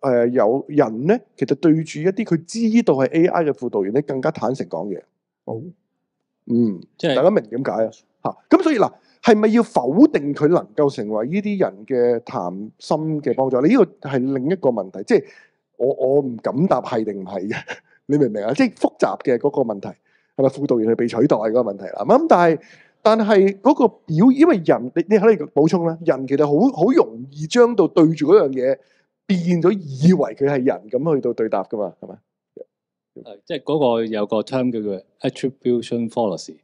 Speaker 4: 呃、有人咧，其實對住一啲佢知道係 A.I. 嘅輔導員咧，更加坦誠講嘢。好、哦，嗯，即係是大家明點解啊？嚇，咁所以嗱。係咪要否定佢能夠成為呢啲人嘅談心嘅幫助？你、這、呢個係另一個問題，即係我我唔敢答係定唔係嘅，你明唔明啊？即係複雜嘅嗰、那個問題係咪輔導員係被取代嗰個問題啦？咁但係但係嗰個表，因為人你你可以補充啦，人其實好好容易將到對住嗰樣嘢變咗以為佢係人咁去到對答㗎嘛，係咪？
Speaker 2: 誒，即係嗰個有個 term 叫做 attribution fallacy。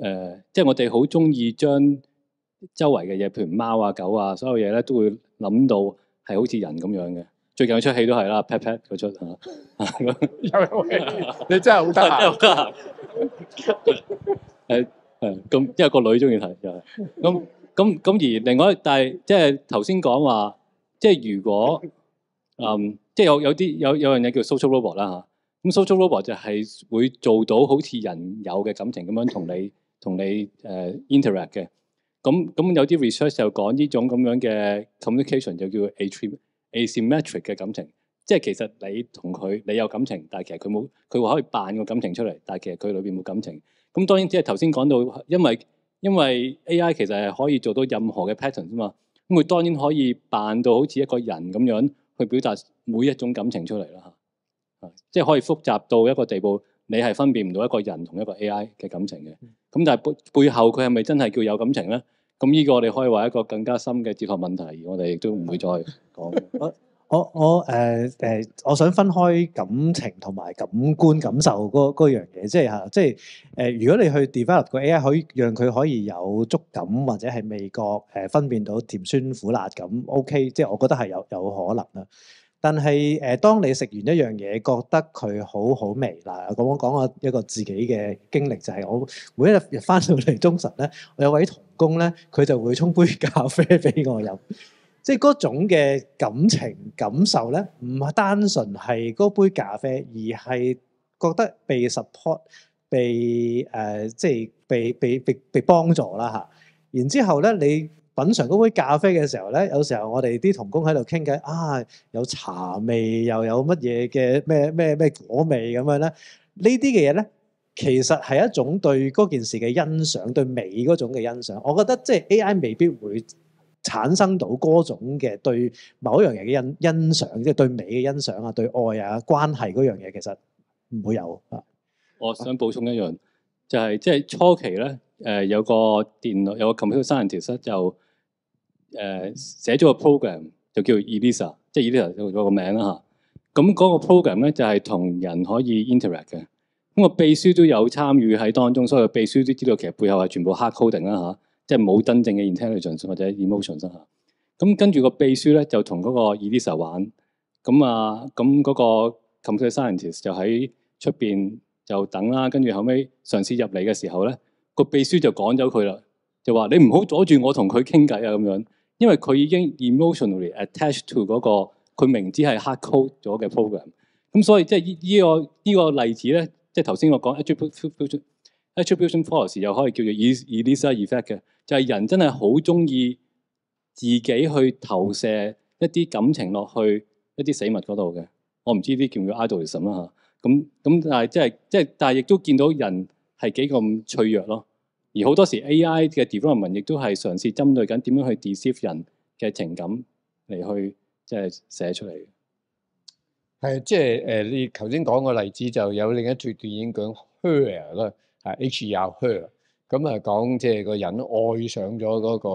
Speaker 2: 誒、呃，即係我哋好中意將周圍嘅嘢，譬如貓啊、狗啊，所有嘢咧，都會諗到係好似人咁樣嘅。最近出戲都係啦，Pat Pat 嗰出嚇，你真係好得閒、 啊。誒、嗯、誒，咁因為個女中意睇就係，咁咁咁而另外，但係即係頭先講話，即係如果嗯，即係有有啲有有樣嘢叫 social robot 啦、啊、吓，咁 social robot 就係會做到好似人有嘅感情咁樣同你。同你誒、uh, interact 嘅，咁咁有啲 research 就講呢種咁樣嘅 communication 就叫 asymmetric 嘅感情，即係其實你同佢你有感情，但係其實佢冇，佢話可以扮個感情出嚟，但係其實佢裏邊冇感情。咁當然即係頭先講到，因為因為 AI 其實係可以做到任何嘅 pattern 啫嘛，咁佢當然可以扮到好似一個人咁樣去表達每一種感情出嚟啦，嚇、啊，即係可以複雜到一個地步，你係分辨唔到一個人同一個 AI 嘅感情嘅。嗯咁但係背背後佢係咪真係叫有感情咧？咁、這、呢個我哋可以話一個更加深嘅哲學問題，我哋亦都唔會
Speaker 3: 再講。 我我我誒誒，我想分開感情同埋感官感受嗰樣嘢，即係嚇，即係誒、呃，如果你去 develop 個 AI，可以讓佢可以有觸感或者係味覺誒，分辨到甜酸苦辣咁 OK，即係我覺得係有有可能啦。但係誒、呃，當你食完一樣嘢，覺得佢好好味啦。咁我講個一個自己嘅經歷，就係、是、我每一日返到嚟中晨咧，我有位同工咧，佢就會沖杯咖啡俾我飲。即係嗰種嘅感情感受咧，唔係單純係嗰杯咖啡，而係覺得被 support、呃、被誒即係被被被被幫助啦嚇、啊。然之後咧，你品嚐嗰杯咖啡嘅時候咧，有時候我哋啲同工喺度傾偈，啊，有茶味，又有乜嘢嘅咩咩咩果味咁樣咧？呢啲嘅嘢咧，其實係一種對嗰件事嘅欣賞，對美嗰種嘅欣賞。我覺得即係 A.I. 未必會產生到嗰種嘅對某一樣嘢嘅欣欣賞，即係對美嘅欣賞啊，對愛啊、關係嗰樣嘢，其實唔會有啊。
Speaker 2: 我想補充一樣，就係即係初期咧，誒、呃、有個電腦有個 computer science 就。誒、呃、寫咗個 program，就叫 Eliza，d 即係 Eliza 個個名啦吓，咁、啊、嗰個 program 咧就係、是、同人可以 interact 嘅。咁、個秘書都有參與喺當中，所以個秘書都知道其實背後係全部 hard coding 啦、啊、吓，即係冇真正嘅 intelligence 或者 emotion 啦、啊、吓，咁跟住個秘書咧就同嗰個 Eliza 玩。咁啊，咁嗰個 computer scientist 就喺出邊就等啦。跟、啊、住後尾嘗試入嚟嘅時候咧，個秘書就趕走佢啦，就話你唔好阻住我同佢傾偈啊咁樣。因為佢已經 emotionally attached to 嗰個，佢明知係 hard code 咗嘅 program，咁所以即係呢、呢個依、呢個例子咧，即係頭先我講 attribution force 又可以叫做 ELIZA effect 嘅，就係、是、人真係好中意自己去投射一啲感情落去一啲死物嗰度嘅。我唔知呢啲叫唔叫 idolism 啦嚇。咁咁但係即係即係但係亦都見到人係幾咁脆弱咯。而好多時 AI 嘅 development 亦都係嘗試針對緊點樣去 deceive 人嘅情感嚟去即係寫出嚟。
Speaker 1: 係啊，即係誒，你頭先講個例子就有另一段電影叫、ER,《Her》啦，啊、e，《H.R.Her》咁啊，講即係個人愛上咗嗰、嗰個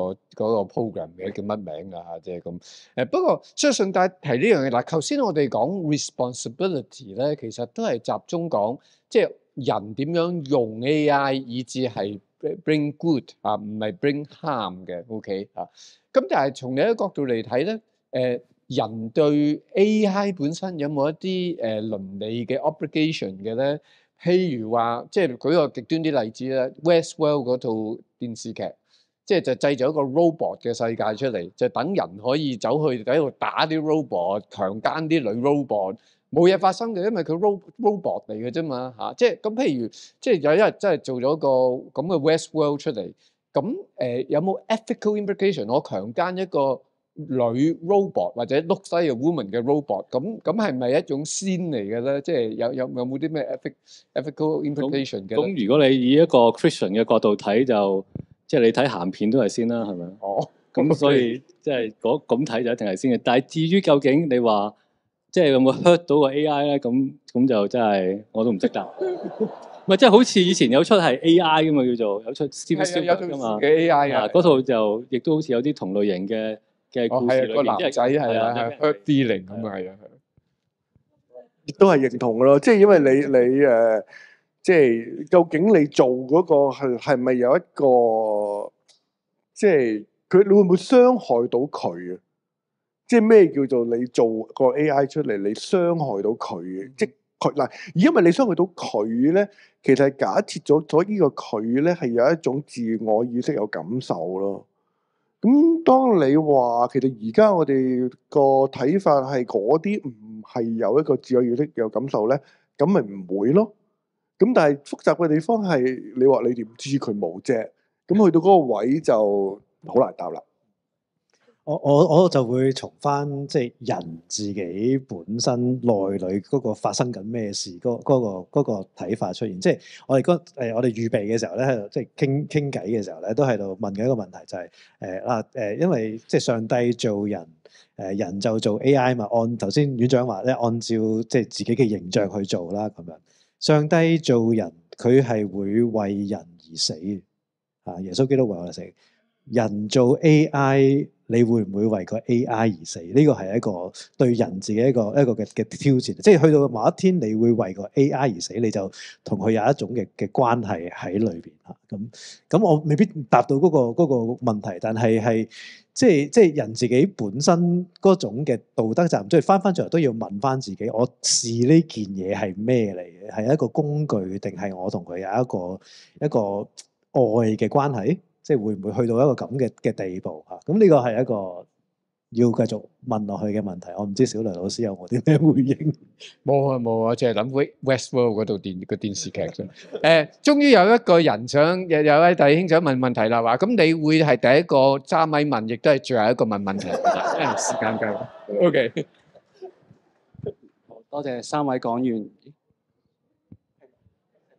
Speaker 1: 嗰個 program，嘅叫乜名啊？即係咁誒。不過，相信大家提呢樣嘢，嗱，頭先我哋講 responsibility 咧，其實都係集中講即係、就是、人點樣用 AI 以至係。bring good 啊，唔係 bring harm 嘅，OK 啊。咁但係從另一角度嚟睇咧，誒、呃、人對 AI 本身有冇一啲誒倫理嘅 obligation 嘅咧？譬、呃、如話，即係舉個極端啲例子啦，Westworld 嗰套電視劇，即係就製造一個 robot 嘅世界出嚟，就等人可以走去喺度打啲 robot、強奸啲女 robot。冇嘢發生嘅，因為佢 robot 嚟嘅啫嘛嚇，即係咁譬如，即係有一日真係做咗個咁嘅 West World 出嚟，咁誒、呃、有冇 ethical implication？我強姦一個女 robot 或者 look like a woman 嘅 robot，咁咁係咪一種 sin 嚟嘅咧？即係有有有冇啲咩 ethical implication 嘅？咁如
Speaker 2: 果你以一個 Christian 嘅角度睇，就即係、就是、你睇鹹片都係 sin 啦，係咪？哦，咁那 Okay. 所以即係嗰咁睇就一定係 sin 嘅。但係至於究竟你話？即係有冇 hurt 到個 AI 咧？咁咁就真係我都唔識答。 唔係，即係好似以前有出係 AI 噶嘛，叫做有出 Steven Spielberg 嘅 AI 噶。嗰套就亦對都好似有啲同類型嘅嘅故事。哦，個男仔
Speaker 4: 係啊
Speaker 1: ，hurt feeling 咁啊，係啊，係
Speaker 4: 亦對對都係認同咯，即係因為你你誒，uh, 即係究竟你做嗰個係咪有一個，即係佢你會唔會傷害到佢啊？即係咩叫做你做個 AI 出嚟，你傷害到佢，即係佢嗱，而因為你傷害到佢咧，其實係假設咗喺呢個佢咧係有一種自我意識有感受咯。咁當你話其實而家我哋個睇法係嗰啲唔係有一個自我意識有感受咧，咁咪唔會咯？咁但係複雜嘅地方係你話你點知佢冇啫？咁去到嗰個位就好難答啦。
Speaker 3: 我我我就會從翻即係人自己本身內裏嗰個發生緊咩事，嗰、那、嗰個睇法、那個那個、出現。即、就、係、是、我哋嗰、呃、我哋預備嘅時候咧，喺度即係傾傾偈嘅時候咧，都喺度問緊一個問題、就是，就係誒嗱誒，因為即係上帝造人，誒、呃、人就做 A.I. 嘛，按頭先院長話咧，按照即係自己嘅形象去做啦咁樣。上帝造人，佢係會為人而死啊！耶穌基督為我哋死。人做 A.I. 你會唔會為個 AI 而死？呢個係一個對人自己一個一個嘅嘅挑戰。即係去到某一天，你會為個 AI 而死，你就同佢有一種嘅嘅關係喺裏邊嚇。咁、嗯、咁、嗯嗯，我未必答到嗰、嗰個嗰、嗰個問題，但係係即係即係人自己本身嗰種嘅道德責任，即係翻返出來都要問翻自己：我試是呢件嘢係咩嚟嘅？係一個工具定係我同佢有一個一個愛嘅關係？即係會唔會去到一個咁嘅嘅地步嚇？咁呢個係一個要繼續問落去嘅問題。我唔知小雷老師有冇啲咩回應？
Speaker 1: 冇啊冇啊，淨係諗《Westworld》嗰度電個電視劇啫。誒，終於有一個人想有有位弟兄想問問題啦，話咁你會係第一個揸咪問，亦都係最後一個問問題，因為時間
Speaker 5: 夠。OK，好多謝三位講員。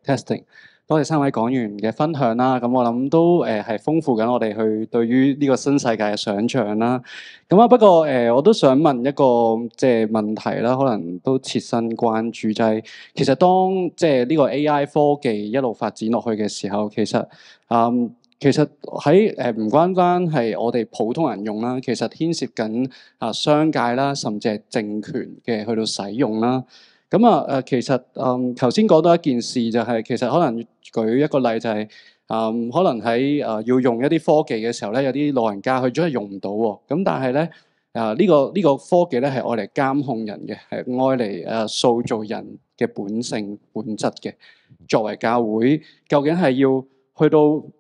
Speaker 5: Testing。多謝三位講員嘅分享啦，咁我諗都誒係豐富緊我哋去對於呢個新世界嘅想像啦。咁啊，不過誒，我都想問一個即係問題啦，可能都切身關注，就係其實當即係呢個 AI 科技一路發展落去嘅時候，其實啊、嗯，其實喺誒唔關關係我哋普通人用啦，其實牽涉緊啊商界啦，甚至係政權嘅去到使用啦。咁啊誒，其實嗯頭先講到一件事就係、係、其實可能。舉一個例就係、是、啊、嗯，可能喺啊、呃、要用一啲科技嘅時候咧，有啲老人家佢總係用唔到喎。咁但係咧啊，呢、呃呢個呢、呢個科技咧係愛嚟監控人嘅，係愛嚟啊塑造人嘅本性本質嘅。作為教會，究竟係要去到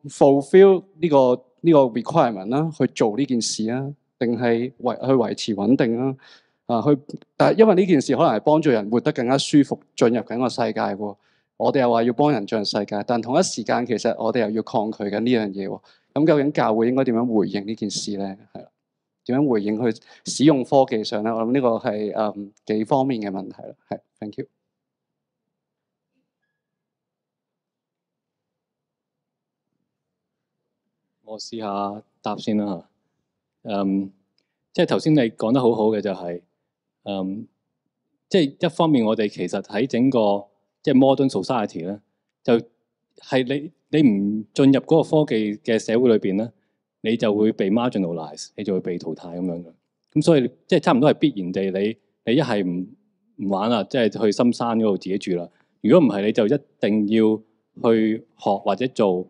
Speaker 5: fulfill 呢、呢個呢、呢個 requirement 啦，去做呢件事啊，定係維去維持穩定啊？啊，去啊，但因為呢件事可能係幫助人活得更加舒服，進入緊個世界喎。我哋又話要幫人進入世界，但同一時間其實我哋又要抗拒緊呢樣嘢喎。咁、嗯、究竟教會應該點樣回應呢件事咧？係啦，點樣回應佢使用科技上咧？我諗呢個係誒、嗯、幾方面嘅問題啦。係，thank you。
Speaker 2: 我試下答先啦嚇。Um, 即係頭先你講得好好嘅就係、是，嗯、um,，即係一方面我哋其實喺整個。即係 modern society 咧，就係、是、你你唔進入嗰個科技嘅社會裏邊咧，你就會被 marginalize，你就會被淘汰咁樣嘅。咁所以即係差唔多係必然地你，你你一係唔唔玩啦，即係去深山嗰度自己住啦。如果唔係你就一定要去學或者做誒、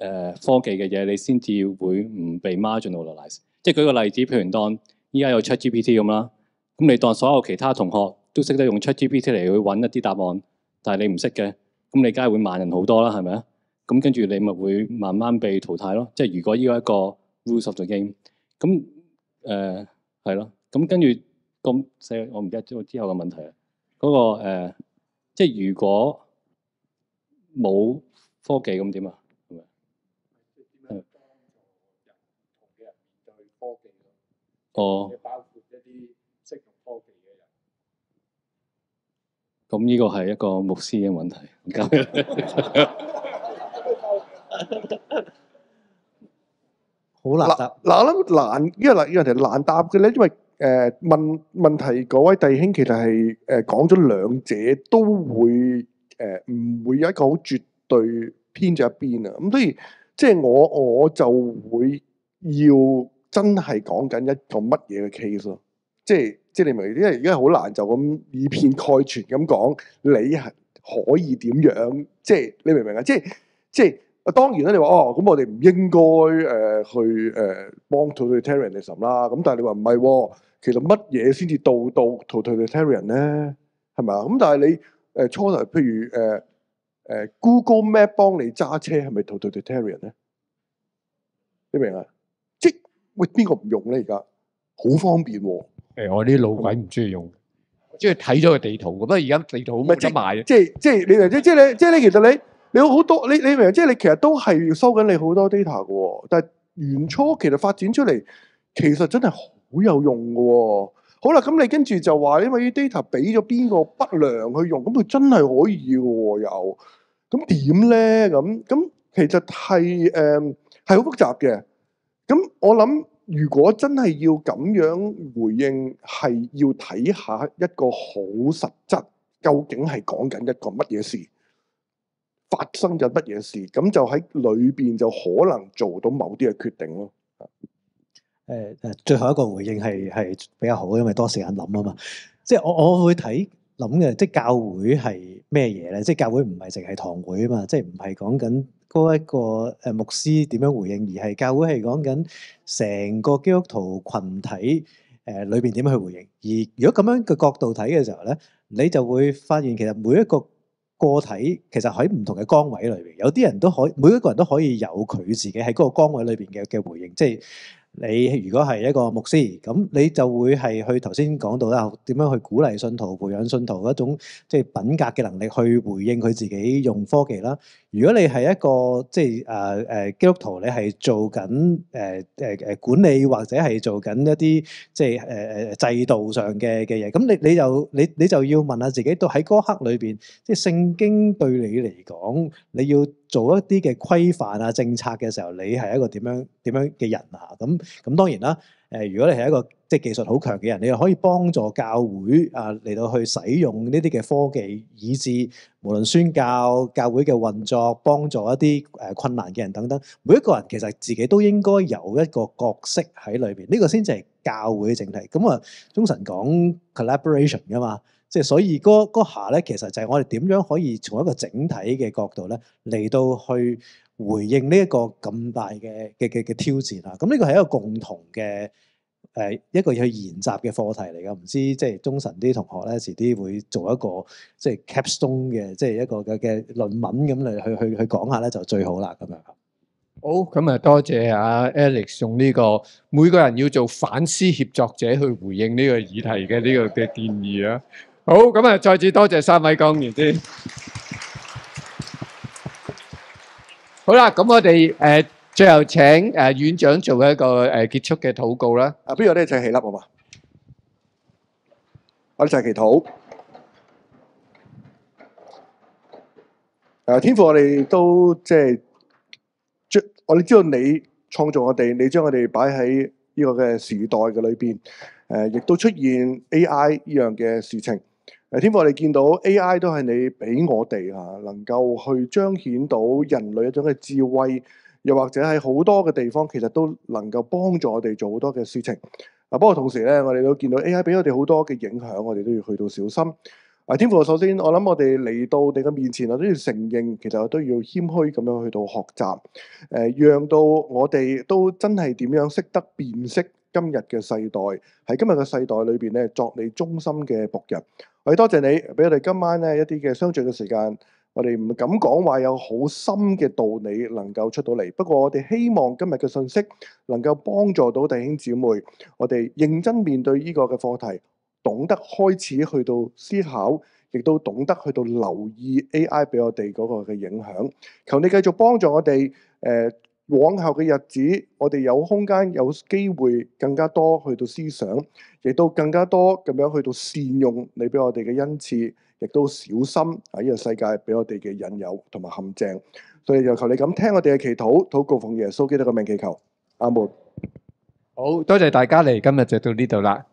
Speaker 2: 呃、科技嘅嘢，你先至會唔被 marginalize。即係舉個例子，譬如當依家有 ChatGPT 咁啦，咁你當所有其他同學。都識得用 ChatGPT 嚟去揾一啲答案，但係你唔識嘅，咁你梗係會慢人好多啦，係咪啊？咁跟住你咪會慢慢被淘汰咯。即係如果呢個一個 rules of the game，咁誒係咯。咁跟住咁，我唔記得咗之後嘅問題啊。嗰個誒，即係如果冇科技咁點啊？
Speaker 1: 係咪？
Speaker 2: 哦。咁呢個係一個牧師嘅問題，
Speaker 4: 好 難嗱答，嗱，我諗難，因為嗱，呢個問題難答嘅咧，因為誒、呃、問問題嗰位弟兄其實係誒、呃、講咗兩者都會誒唔、呃、會有一個好絕對偏咗一邊啊？咁所以即係我我就會要真係講緊一個乜嘢嘅 case 咯，即係。即係你明，因為而家好難就咁以偏概全咁講，你係可以點樣？即係你明唔明啊？即係即係，當然啦！你話哦，咁我哋唔應該誒去誒幫 totalitarianism 啦。咁但係你話唔係，其實乜嘢先至到到 totalitarian 咧？係咪啊？咁但係你誒初頭譬如誒誒 Google Map 幫你揸車係咪 totalitarian 咧？你明啊？即係喂邊個唔用咧？而家好
Speaker 1: 方便喎！誒、哎，我啲老鬼唔中意用，即係睇咗個地圖。不過而家地圖好乜啫
Speaker 4: 賣，即係即係你明即係即係你，你其實你，你有好多你你明即係你，其實都係要收緊你好多 data 嘅。但係原初其實發展出嚟，其實真係好有用嘅。好啦，咁你跟住就話，因為啲 data 俾咗邊個不良去用，咁佢真係可以嘅又，咁點咧？咁咁其實係誒係好複雜嘅。咁我諗。如果真係要咁樣回應，係要睇下一個好實質，究竟係講緊一個乜嘢事，發生咗乜嘢事，咁就喺裏邊就可能做到某啲嘅決定咯。
Speaker 3: 誒誒，
Speaker 4: 最後一個回應係
Speaker 3: 係比較好，因為多時間諗啊嘛。即係我我會睇諗嘅，即係教會係咩嘢咧？即係教會唔係淨係堂會啊嘛，即係唔係講緊。嗰一個誒牧師點樣回應，而係教會係講緊成個基督徒羣體誒裏邊點樣去回應。而如果咁樣嘅角度睇嘅時候咧，你就會發現其實每一個個體其實喺唔同嘅崗位裏邊，有啲人都可每一個人都可以有佢自己喺嗰個崗位裏邊嘅嘅回應，即係。你如果係一個牧師，咁你就會係去頭先講到啦，點樣去鼓勵信徒、培養信徒一種即係品格嘅能力，去回應佢自己用科技啦。如果你係一個即係誒誒基督徒你，你係做緊誒誒誒管理或者係做緊一啲即係誒誒制度上嘅嘅嘢，咁你你就你你就要問下自己，到喺嗰刻裏邊，即係聖經對你嚟講，你要做一啲嘅規範啊、政策嘅時候，你係一個點樣點樣嘅人啊？咁咁當然啦。誒、呃，如果你係一個即係技術好強嘅人，你又可以幫助教會啊嚟到去使用呢啲嘅科技，以致無論宣教、教會嘅運作，幫助一啲誒、呃、困難嘅人等等。每一個人其實自己都應該有一個角色喺裏邊，呢、這個先至係教會嘅整體。咁啊，中神講 collaboration 噶嘛？即係所以嗰下咧，其實就係我哋點樣可以從一個整體嘅角度咧，嚟到去回應呢一個咁大嘅嘅嘅嘅挑戰啊！咁、嗯、呢、這個係一個共同嘅誒、呃、一個去研習嘅課題嚟㗎。唔知即係中神啲同學咧，遲啲會做一個即係 capstone 嘅，即係一個嘅嘅論文咁嚟去去去講下咧，就最好啦咁樣。
Speaker 1: 好，咁啊，多謝啊 Alex 用呢、這個每個人要做反思協作者去回應呢個議題嘅呢個嘅建議啊。Yeah. 好，咁啊，再次多謝三位講員先。好啦，咁我哋誒最後請誒院長做一個誒結束嘅禱告啦。
Speaker 4: 啊，不如我哋一齊起立好嗎？我哋齊祈禱。啊，天父，我哋都即係將我哋知道你創造我哋，你將我哋擺喺呢個嘅時代嘅裏邊。誒，亦都出現 AI 呢樣嘅事情。誒，天父，我哋見到 A.I. 都係你俾我哋嚇，能夠去彰顯到人類一種嘅智慧，又或者喺好多嘅地方，其實都能夠幫助我哋做好多嘅事情。啊，不過同時咧，我哋都見到 A.I. 俾我哋好多嘅影響，我哋都要去到小心。啊，天父，首先我諗我哋嚟到你嘅面前，我都要承認，其實我都要謙虛咁樣去到學習。誒、呃，讓到我哋都真係點樣識得辨識今日嘅世代，喺今日嘅世代裏邊咧，作你忠心嘅僕人。喂，多謝你俾我哋今晚呢一啲嘅相聚嘅時間，我哋唔敢講話有好深嘅道理能夠出到嚟。不過我哋希望今日嘅信息能夠幫助到弟兄姊妹，我哋認真面對呢個嘅課題，懂得開始去到思考，亦都懂得去到留意 AI 俾我哋嗰個嘅影響。求你繼續幫助我哋，誒、呃。往後嘅日子，我哋有空間、有機會更加多去到思想，亦都更加多咁樣去到善用你俾我哋嘅恩賜，亦都小心啊呢個世界俾我哋嘅引誘同埋陷阱。所以就求你咁聽我哋嘅祈禱，禱告奉耶穌基督嘅名祈求。阿門。
Speaker 1: 好多謝大家嚟，今日就到呢度啦。